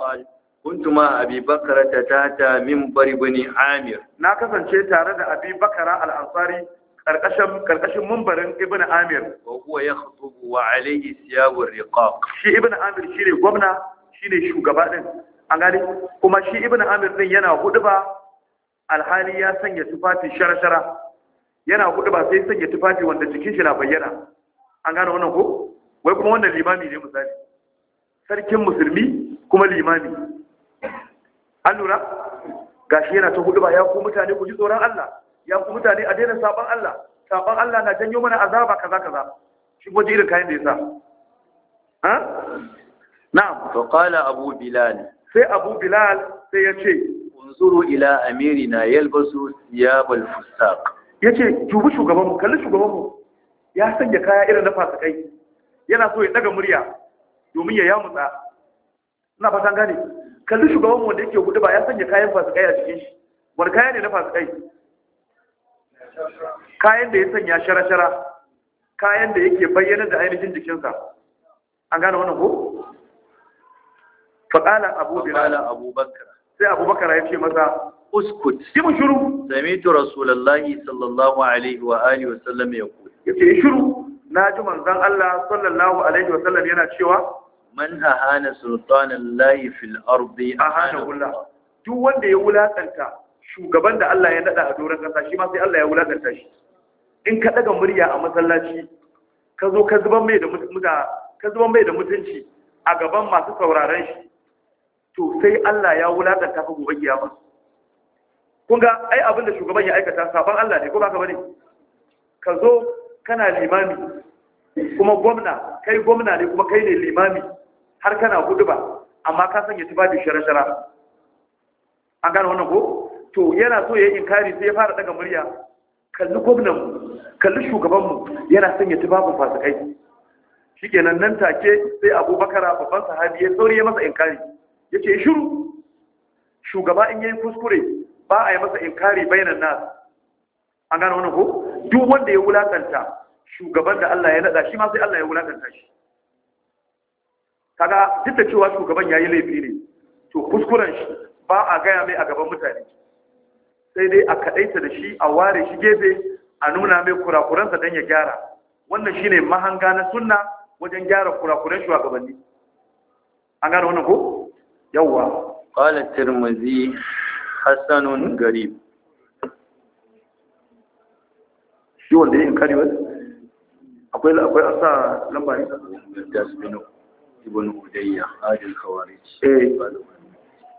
كنت مع أبي بكرة تاتا من Amir?
Na kasance tare da أبي بكرة al'ansari. karkashin karkashin mumbarin ibn amir wa
huwa yakhutubu wa alayhi siyabu riqaq
shi ibn amir shine gwamna shine shugaba din an gane kuma shi ibn amir din yana huduba alhali ya sanya tufafi sharashara yana huduba sai sanya tufafi wanda jikin shi na bayyana an gane wannan ko wai kuma wannan limami ne misali sarkin musulmi kuma limami an lura gashi yana ta huduba ya ku mutane ku ji tsoron Allah ya ku mutane a daina saban Allah saban Allah na janyo mana azaba kaza kaza shi waje irin kayan da ya sa ha na'am to qala abu bilal sai
abu bilal sai ya ce unzuru ila amirina yalbasu thiyabal fustaq
yace dubu shugaban mu kalli shugaban mu ya sanya kaya irin na fasikai yana so ya daga murya domin ya yamutsa ina fatan gane kalli shugaban mu wanda yake gudu ba ya sanya kayan fasikai a cikin shi wani kaya ne na fasikai kayan da ya sanya shara-shara kayan da yake bayyana da ainihin jikinsa an gane wannan ko faƙala abubakar sai abubakar ya ce masa uskut
yi mu shiru samitu Rasulallah, sallallahu alaihi wa alihi wa sallam ya ku
yace shiru na ji manzon Allah sallallahu alaihi wa sallam yana cewa
man ahana sultanallahi fil ardi ahana
duk wanda ya wulakanta shugaban da Allah ya nada a doron kasa shi ma sai Allah ya wulakanta shi in ka daga murya a masallaci ka zo ka zuban mai da ka zuban mai da mutunci a gaban masu sauraron shi to sai Allah ya wulakanta ka gobe kiyama kun ga ai abin da shugaban ya aikata saban Allah ne ko baka bane ka zo kana limami kuma gwamna kai gwamna ne kuma kai ne limami har kana guduba amma ka sanya tufafi shara-shara an gane wannan ko to yana so ya yi inkari sai ya fara daga murya kalli kalli shugabanmu yana son ya tubabin fasikai shikenan nan take sai abubakar babban sahabi ya sauri ya masa inkari ya ce shiru shugaba in yayi kuskure ba a yi masa inkari bayanan nas an gano wannan ko duk wanda ya wulakanta shugaban da Allah ya nada shi ma sai Allah ya wulakanta shi kaga duk da cewa shugaban yayi laifi ne to kuskuren shi ba a gaya mai a gaban mutane sai dai a kaɗaita da shi a ware shi gefe a nuna mai kurakuransa don ya gyara wannan ne mahanga na sunna wajen gyara kurakuran shugabanni an gane wannan ko
yawwa qala tirmidhi Hassanun gari shi wanda yin kari wani akwai akwai
asa lamba ne ibn udayya adil khawarij eh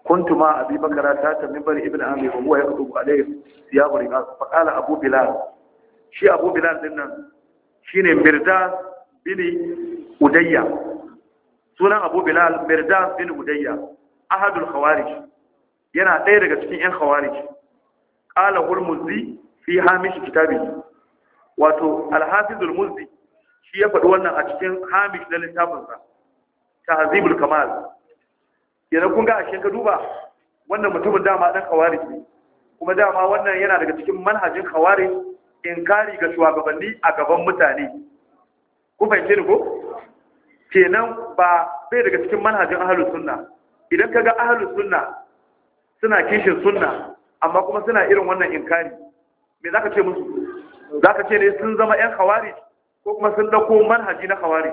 كنت مع أبي بكر تاتا من بني ابن عمي وهو يكتب عليه ثياب رقاص فقال أبو بلال شي أبو بلال لنا شيني مرداس بن أدية سنة أبو بلال مرداس بن أدية أحد الخوارج ينا دير cikin yan khawarij qala hurmuzi fi hamish kitabi wato al-hafiz al-muzi shi ya faɗi wannan a cikin hamish na littafinsa tahzibul kamal yana kun ga ashe ka duba wannan mutumin dama dan kawari ne kuma dama wannan yana daga cikin manhajin kawari inkari ga shugabanni a gaban mutane ku fahimce ni ko kenan ba bai daga cikin manhajin ahlus sunna idan kaga ahlus sunna suna kishin sunna amma kuma suna irin wannan inkari me zaka ce musu zaka ce ne sun zama yan kawari ko kuma sun dauko manhaji na kawari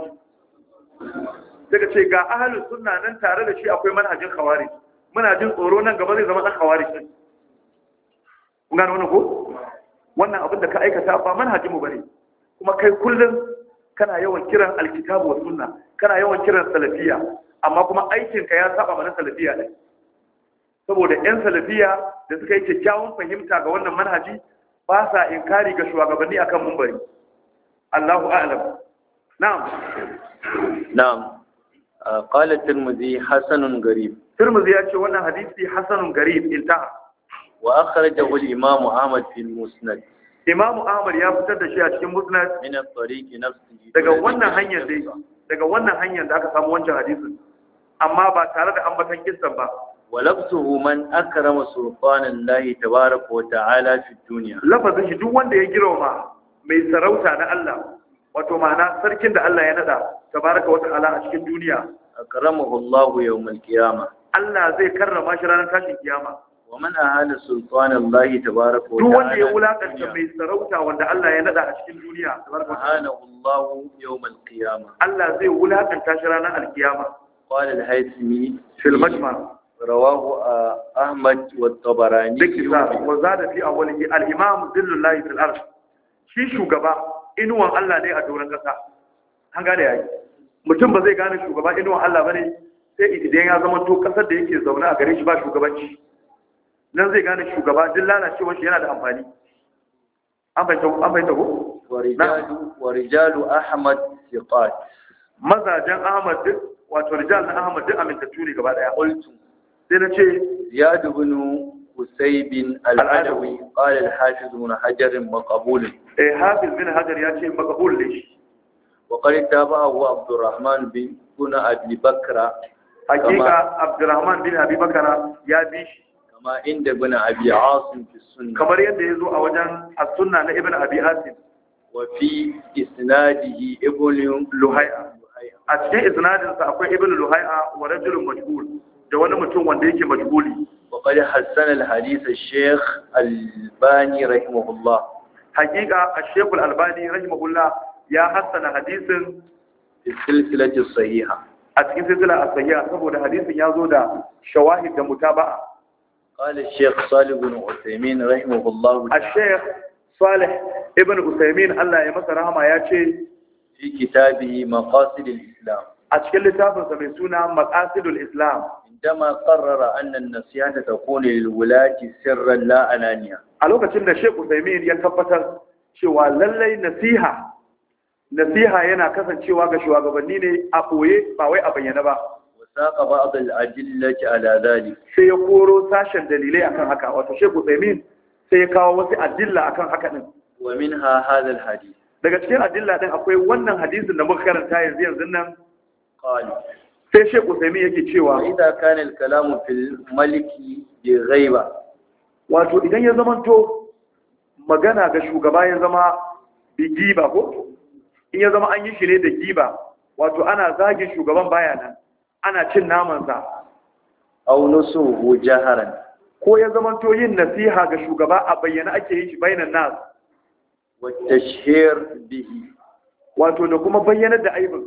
daga ce ga ahalus sunna nan tare da shi akwai manhajin khawarij muna jin tsoro nan gaba zai zama dan khawarij shi kun gane wannan ko wannan abin da ka aikata ba manhajin mu bane kuma kai kullum kana yawan kiran alkitabu wa sunna kana yawan kiran salafiya amma kuma aikin ka ya saba mana salafiya ne saboda yan salafiya da suka yi kyakkyawan fahimta ga wannan manhaji ba sa inkari ga shugabanni akan mumbari Allahu a'lam na'am
na'am qala tirmidhi hasanun garib tirmidhi ya
ce wannan hadisi hasanun garib intaha
wa akhrajahu al-imam
ahmad fi al-musnad imam ahmad ya fitar da shi a cikin musnad
min at-tariq nafsihi daga wannan hanyar dai
daga wannan hanyar da aka samu wancan hadisin amma ba tare da ambatan kissan ba
walabtuhu man akrama sultanan lahi tabaraka wa ta'ala fi
dunya lafazin shi duk wanda ya girma mai sarauta na Allah wato ma'ana sarkin da Allah ya nada tabaraka wata ala a cikin duniya
akramahu Allahu yawmal qiyama
Allah zai karrama shi ranar tashin kiyama wa
man ahala sultana Allah tabaraka wa ta'ala duk wanda ya
wulakanta mai sarauta wanda Allah ya nada a cikin duniya tabaraka wa ta'ala Allahu yawmal qiyama Allah zai wulakanta shi ranar alkiyama qala
al-haythimi fil
majma' رواه أحمد والطبراني وزاد في أوله الإمام ذل الله في الأرض shi shugaba inuwan Allah ne a doron ƙasa an gane yayi mutum ba zai gane shugaba inuwan Allah bane sai idan ya zama to ƙasar da yake zaune a gare shi ba shugabanci nan zai gane shugaba duk lalacewar shi yana da amfani an bai tabo an bai tabo wa rijalu ahmad thiqat mazajan ahmad duk wato rijal na ahmad duk amintattu ne gaba daya qultu sai na ce ziyad ibn husayb al-adawi ƙalil
hajji zuwa na hajar maqbul eh hafiz bin hajar ya ce makabul ne shi wa qad tabahu abdurrahman bin kuna abi bakra hakika
abdurrahman bin abi bakra ya bi shi kama inda ibn abi asim fi sunna kamar yadda ya zo a wajen as-sunna na ibn abi asim
wa fi
isnadihi ibn luhayya a cikin isnadinsa akwai ibn luhayya wa rajulun majhul da wani mutum wanda yake majhuli وقد حسن الحديث الشيخ al-bani الله hakika ashekul albani rahimahullah ya hassana hadisin silsilati sahiha a cikin silsila a sahiha saboda hadisin ya zo da shawahid da mutaba'a qala ash-shaykh salih ibn uthaymeen rahimahullah ash-shaykh salih ibn uthaymeen Allah ya masa rahama ya ce fi
kitabihi maqasid islam
a cikin littafinsa mai suna maqasid islam indama karrara annan an-nasihata takunu lil wulati sirran la a lokacin da Sheikh Uthaymeen ya tabbatar cewa lallai nasiha nasiha yana kasancewa ga shugabanni ne a boye ba wai a bayyana ba
wasaqa ba'd al-adillati ala dhalik
sai ya koro sashen dalilai akan haka wato Sheikh Uthaymeen sai ya kawo wasu adilla akan haka din
wa minha hadha al-hadith
daga cikin adilla din akwai wannan hadisin da muka karanta yanzu yanzu nan qali sai shek usaimi yake cewa idan kanil kalamu fil maliki bi ghaiba wato idan ya to magana ga shugaba ya zama bi giba ko in ya zama an yi shi ne da giba wato ana zagin shugaban baya nan ana cin sa aw nusuhu jaharan ko ya zamanto yin nasiha ga shugaba a bayyana ake yin shi bainan nas wa
tashhir bihi
wato da kuma bayyanar da aibin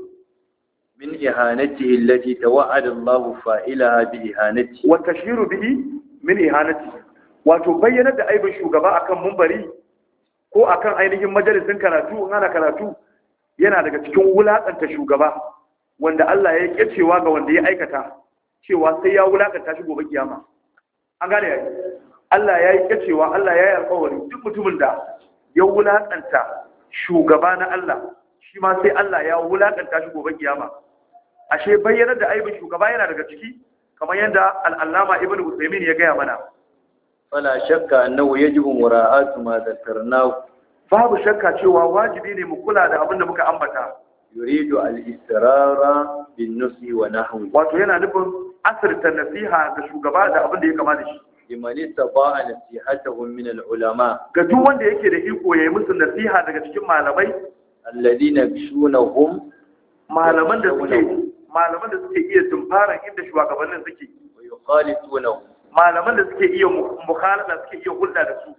min ihanatihi allati tawa'ada Allah fa'ilaha bi
ihanati wa tashiru bihi min ihanati wato bayyanar da aibin shugaba akan mumbari ko akan ainihin majalisin karatu in ana karatu yana daga cikin wulakanta shugaba wanda Allah ya yi cewa ga wanda ya aikata cewa sai ya wulakanta shi gobe an gane Allah ya yi cewa Allah ya yi alƙawari duk mutumin da ya wulakanta shugaba na Allah shi ma sai Allah ya wulakanta shi gobe kiyama ashe bayyanar da aibin shugaba yana daga ciki kamar yadda al'allama ibn usaimin ya gaya mana fala shakka annahu yajibu mura'atu ma zakarnahu babu shakka cewa wajibi ne mu kula da abin da muka ambata yuridu al-istirara bin nusi wa nahwi wato yana nufin asirta
nasiha ga shugaba da abin da ya kama da shi liman istata'a nasihatahum min al-ulama
ga duk wanda yake da iko yayi musu nasiha daga cikin malamai alladina
yushunahum
malaman da suke malaman da suke iya tumfara inda shugabannin suke malaman da suke iya mukhalada suke iya hulɗa da su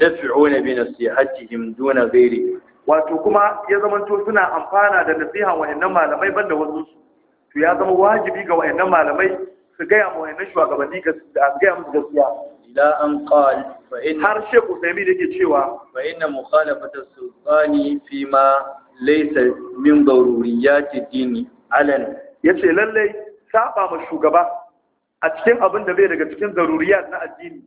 tafi'una bi
nasihatihim duna ghairi
wato kuma ya to suna amfana da nasiha wayannan malamai banda wasu to ya zama wajibi ga wayannan malamai su gaya ma wayannan shugabanni da ga musu gaskiya ila an qal fa in har Sheikh da yake cewa
fa inna mukhalafata sultani fi ma
laysa min daruriyati dini Ya ce lallai saba ma shugaba a cikin abin da bai daga cikin zaruriya na addini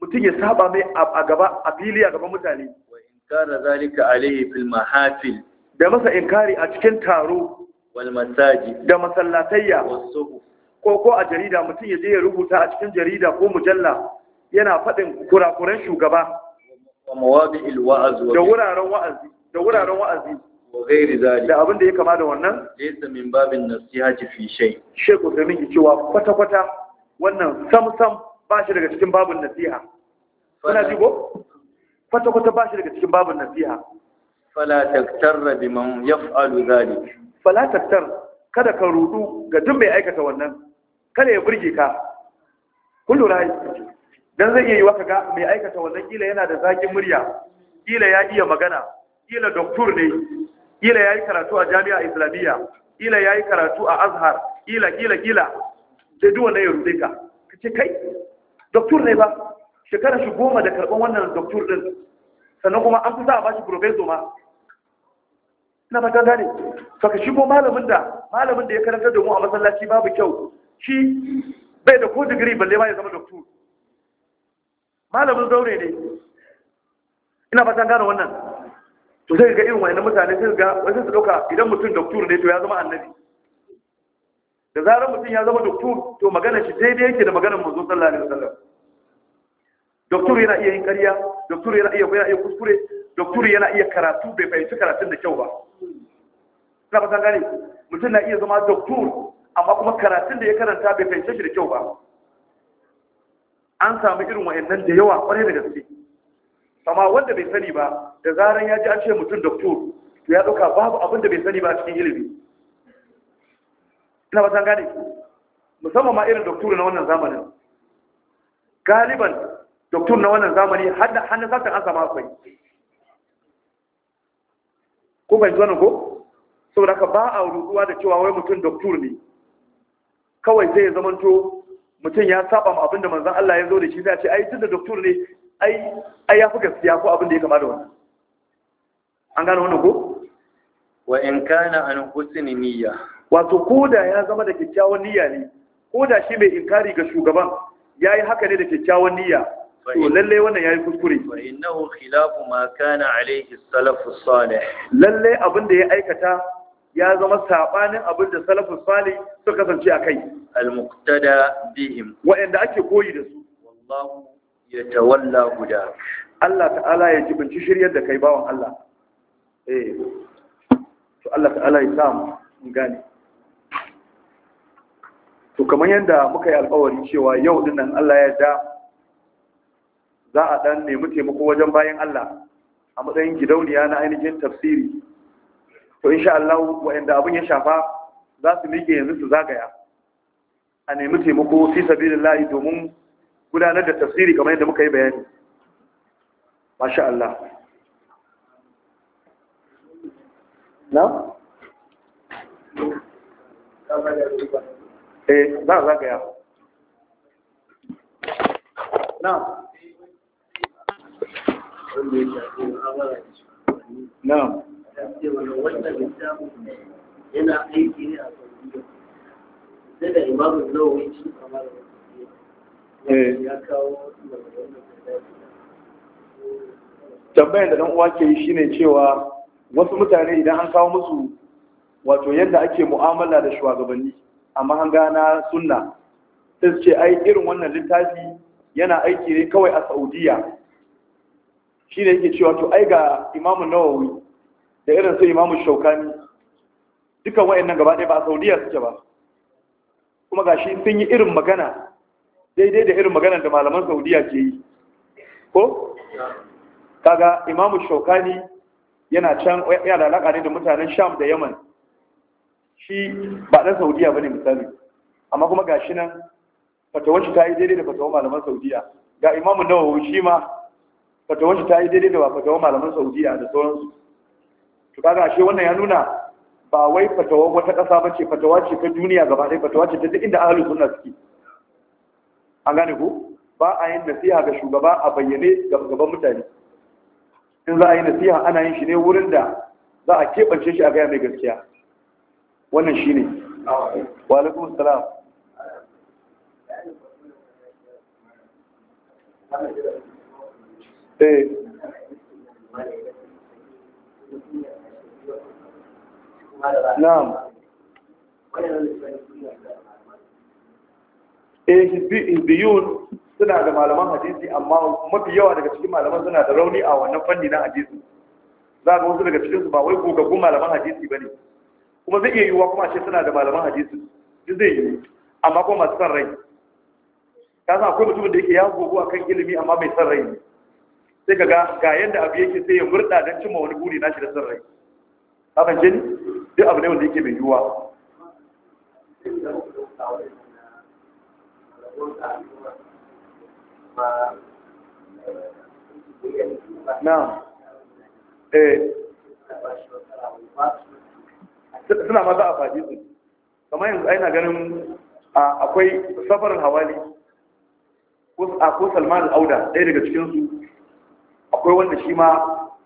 mutum ya saba mai a gaba a fili a gaban mutane wa inkara zalika alaihi fil mahafil da masa inkari a cikin taro wal masaji da masallatayya wasu ko ko a jarida mutum ya je ya rubuta a cikin jarida ko mujalla yana faɗin kurakuran shugaba
da wuraren
wa'azi da wuraren wa'azi
zali da
abin da ya kama da wannan laysa min babin nasihati fi shay Sheikh Uthaymeen miki cewa kwata kwata wannan sam sam ba shi daga cikin babin nasiha kuna ji ko kwata kwata ba shi daga cikin babin nasiha
fala taktarra biman yaf'alu
zalik fala taktar kada ka rudu ga duk mai aikata wannan kada ya burge ka kullu rai dan zai yi waka ga mai aikata wannan kila yana da zakin murya kila ya iya magana kila doktor ne ya yayi karatu a jami'a islamiyya ya yayi karatu a azhar ila kila kila da duwa wannan ya rude ka kace kai doctor ne ba shekara shi goma da karban wannan doctor din sannan kuma an kusa a bashi profeso ma ina ba ne ka ka shigo malamin da malamin da ya karanta da mu a masallaci babu kyau shi bai da ko digiri balle ma ya zama doctor malamin zaure ne ina ba ta wannan to zai ga irin wani mutane sai ga wasu su dauka idan mutum doktor ne to ya zama annabi da zarar mutum ya zama doktor to magana shi daidai yake da maganar manzo sallallahu alaihi wasallam doktor yana iya yin ƙarya doktor yana iya yana iya kuskure doktor yana iya karatu bai fahimci karatun da kyau ba ina ba san gane mutum na iya zama doktor amma kuma karatun da ya karanta bai fahimci shi da kyau ba an samu irin wayannan da yawa kwarai da gaske amma wanda bai sani ba da zaran ya ji an ce mutum doktor to ya dauka babu abin da bai sani ba a cikin ilimi ina ba san gane musamman ma irin doktor na wannan zamanin galiban doktor na wannan zamani har da hannun sassan an sama akwai ko bai zuwa ko saboda ka ba a rutuwa da cewa wai mutum doktor ne kawai sai ya zamanto mutum ya saba ma abinda manzon Allah ya zo da shi sai a ce ai tunda doktor ne ai ya fi gaskiya ko abin da ya kama da wannan an gano wannan ko wa in kana an husni niyya wato koda ya zama da kyakkyawan niyya ne koda shi mai inkari ga shugaban yayi haka ne da kyakkyawan niyya to lalle wannan yayi kuskure Wa innahu
khilafu ma kana alayhi salafu salih
lalle abin da ya aikata ya zama sabanin abin da salafu salih suka kasance akai
al-muqtada bihim
inda ake koyi da su wallahu ya tawalla guda Allah ta'ala ya jibinci shiryar da kai bawan Allah eh to Allah ta'ala ya samu mun gane to kamar yadda muka yi alƙawari cewa yau dinnan Allah ya da za a dan nemi taimako wajen bayan Allah a matsayin gidauniya na ainihin tafsiri to insha Allah wa'anda abin ya shafa za su miƙe yanzu su zagaya a nemi taimako fi sabilillahi domin gudanar da tafsiri kamar yadda muka yi bayani masha Allah na? eh za a zagaya
na na yana aiki ne a saudiya sai da imamu nawa yi shi kamar Eh.
tambayar da ɗan'uwa ke yi ne cewa wasu mutane idan an kawo musu wato yadda ake mu'amala da shugabanni amma an gana sunna sai su ce ai irin wannan littafi yana aiki ne kawai a Saudiya ne yake cewa to ai ga imamu Nawawi da irin su imamu Shaukani wa'in wayannan gaba ɗaya ba a Saudiya suke ba kuma ga shi sun yi irin magana daidai da irin maganar da malaman saudiya ke yi ko kaga imamu shokani yana can ya da alaƙa ne da mutanen sham da yaman shi ba ɗan saudiya ba ne misali amma kuma ga shi nan fatawar shi ta yi daidai da fatawar malaman saudiya ga imamu nawa shi ma fatawar shi ta yi daidai da fatawar malaman saudiya da sauransu to kaga ashe wannan ya nuna ba wai fatawar wata ƙasa ba ce fatawa ce ta duniya gaba ɗaya fatawa ce ta duk inda ahlus sunna suke an gane ku ba a yin nasiha ga shugaba a bayyane ga gaban mutane in za a yi nasiha ana yin shi ne wurin da za a keɓance shi a gaya mai gaskiya wannan shi ne wa alaikum salam eh. eh suna da malaman hadisi amma mafi yawa daga cikin malaman suna da rauni a wannan fanni na hadisi za ga wasu daga cikinsu ba wai gogaggun malaman hadisi ba ne kuma zai iya yiwuwa kuma ce suna da malaman hadisi duk zai yiwu amma kuma masu san rai ka san akwai mutumin da yake ya gogo akan ilimi amma mai san rai ne sai ka ga ga yanda abu yake sai ya murɗa don cimma wani buri nashi da san rai ka fahimce duk abu ne wanda yake mai yiwuwa eh suna maza a faɗi su kamar yanzu aina ganin akwai safarin hawali ko salman al'auda ɗaya daga cikinsu akwai wanda shi ma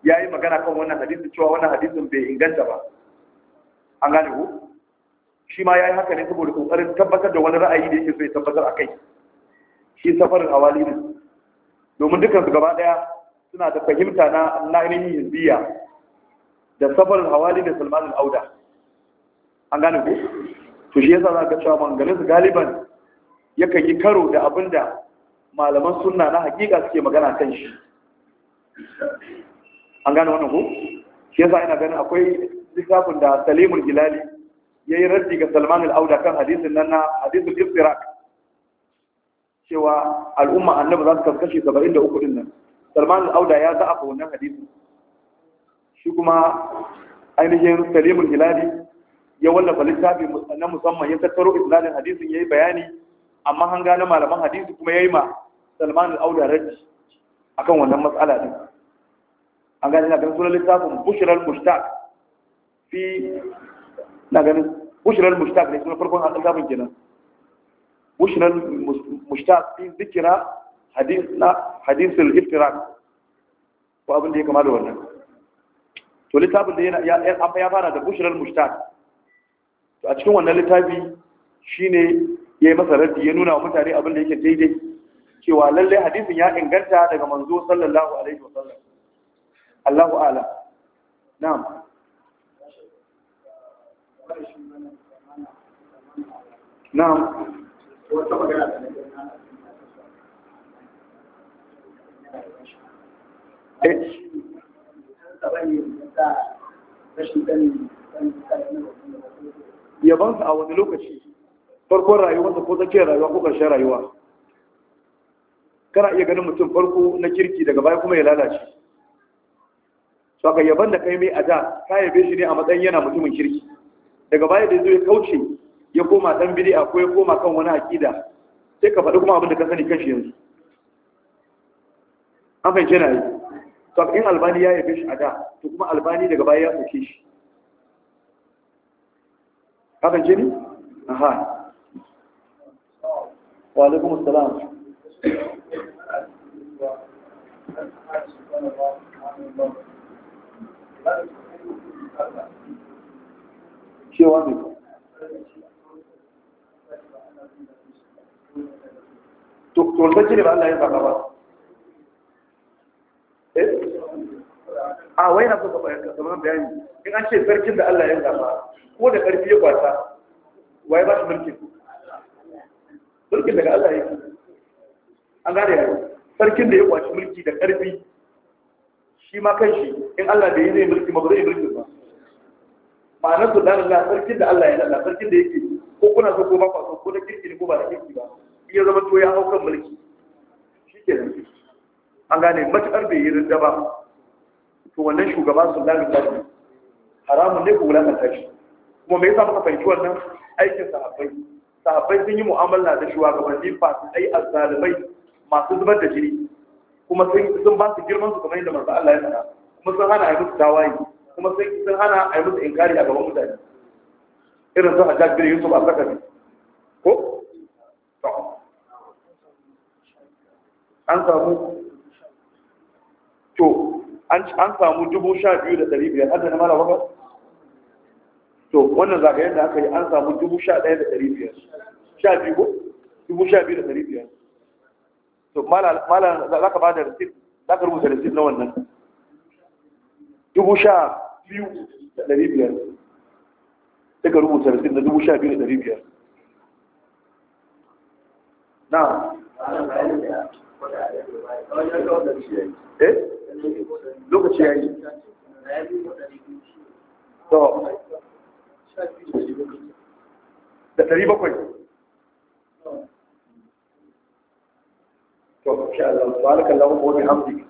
ya yi magana kan wannan hadisun cewa wannan hadisun bai inganta ba an gane ku shi ma ya yi haka ne saboda kokarin tabbatar da wani ra'ayi da yake so ya tabbatar a kai shi safarin hawali ne domin dukkan su gaba daya suna da fahimta na na'inin yanzuya da safarin hawali da salman auda an gane ku to shi yasa za ka cewa manganin su galiban yakan yi karo da abin da malaman sunna na hakika suke magana kan shi an gane wannan ku shi yasa ina ganin akwai littafin da salimul gilali yayi raddi ga Salman al kan hadisin nan na hadisul iftirak cewa al'umma annabi za su kaskashi 73 din nan Salman al-Auda ya za'afa wannan hadisin shi kuma ainihin Salimun Hilali ya wallafa littafi na musamman ya tattaro isnadin hadisin yayi bayani amma an gane malaman hadisi kuma yayi ma Salman al raddi akan wannan matsala din an gane na ganin sunan littafin Bushral Mushtaq fi na ganin bushirar mushtaq ne kuma farkon alƙafin kenan bushirar mushtaq fi zikira hadisul iftirak ko abin da ya kama da wannan to littafin da ya fara da bushirar mushtaq to a cikin wannan littafi shine ya yi masa raddi ya nuna wa mutane abin da yake daidai cewa lalle hadisin ya inganta daga manzo sallallahu alaihi wasallam Allahu a'lam na'am
na'am wata magana
da a wani lokaci farkon rayuwarsa ko tsakiyar rayuwa ko ƙarshen rayuwa kana iya ganin mutum farko na kirki daga baya kuma ya lalace saka yaban da kai mai a da ka yabe shi ne a matsayin yana mutumin kirki daga baya da zuwa ya kauce ya koma dan bid'a ko ya koma kan wani akida sai ka faɗi kuma abin da ka sani kashi yanzu an fahimce na yi to in albani ya yabe shi a da to kuma albani daga baya ya sauke shi ka fahimce ni aha wa alaikum assalam Thank you. cewa ne to ne ba Allah ya zaba ba eh a wai na so ka bayani in an ce sarkin da Allah ya zama ko da ƙarfi ya kwata ya ba shi mulkin mulkin daga Allah yake an gane ya sarkin da ya kwaci mulki da ƙarfi shi ma kan shi in Allah da yi zai mulki ma zai mulki ba Ma'ana su dan sarkin da Allah ya nada sarkin da yake ko kuna so ko ba ku so ko da kirki ne ko ba da kirki ba in ya zama to ya hau kan mulki shikenan an gane matuƙar bai yi rinda ba to wannan shugaba sun lalata shi haramun ne ko wulakanta shi kuma me yasa muka fahimci wannan aikin sahabbai sahabbai sun yi mu'amala da shugabanni ai azzalimai masu zubar da jini kuma sun ba su girman su kamar yadda manzo Allah ya faɗa kuma sun hana a musu tawaye kuma sai sun hana a yi musu inkari a gaban mutane irin su hajjaj bin yusuf a zakari ko an samu to an samu dubu sha biyu da dari biyar hajjaj mala baka to wannan zagayen da aka yi an samu dubu sha ɗaya da dari biyar sha biyu ko dubu sha biyu da dari biyar to mala za ka ba da rasit za ka rubuta rasit na wannan dubu sha biyu da ɗari biyar daga rubuta rasin da dubu sha biyu da ɗari biyar na
eh lokaci ya yi
da ɗari bakwai to sha Allah ba alaka lawan wani hamdi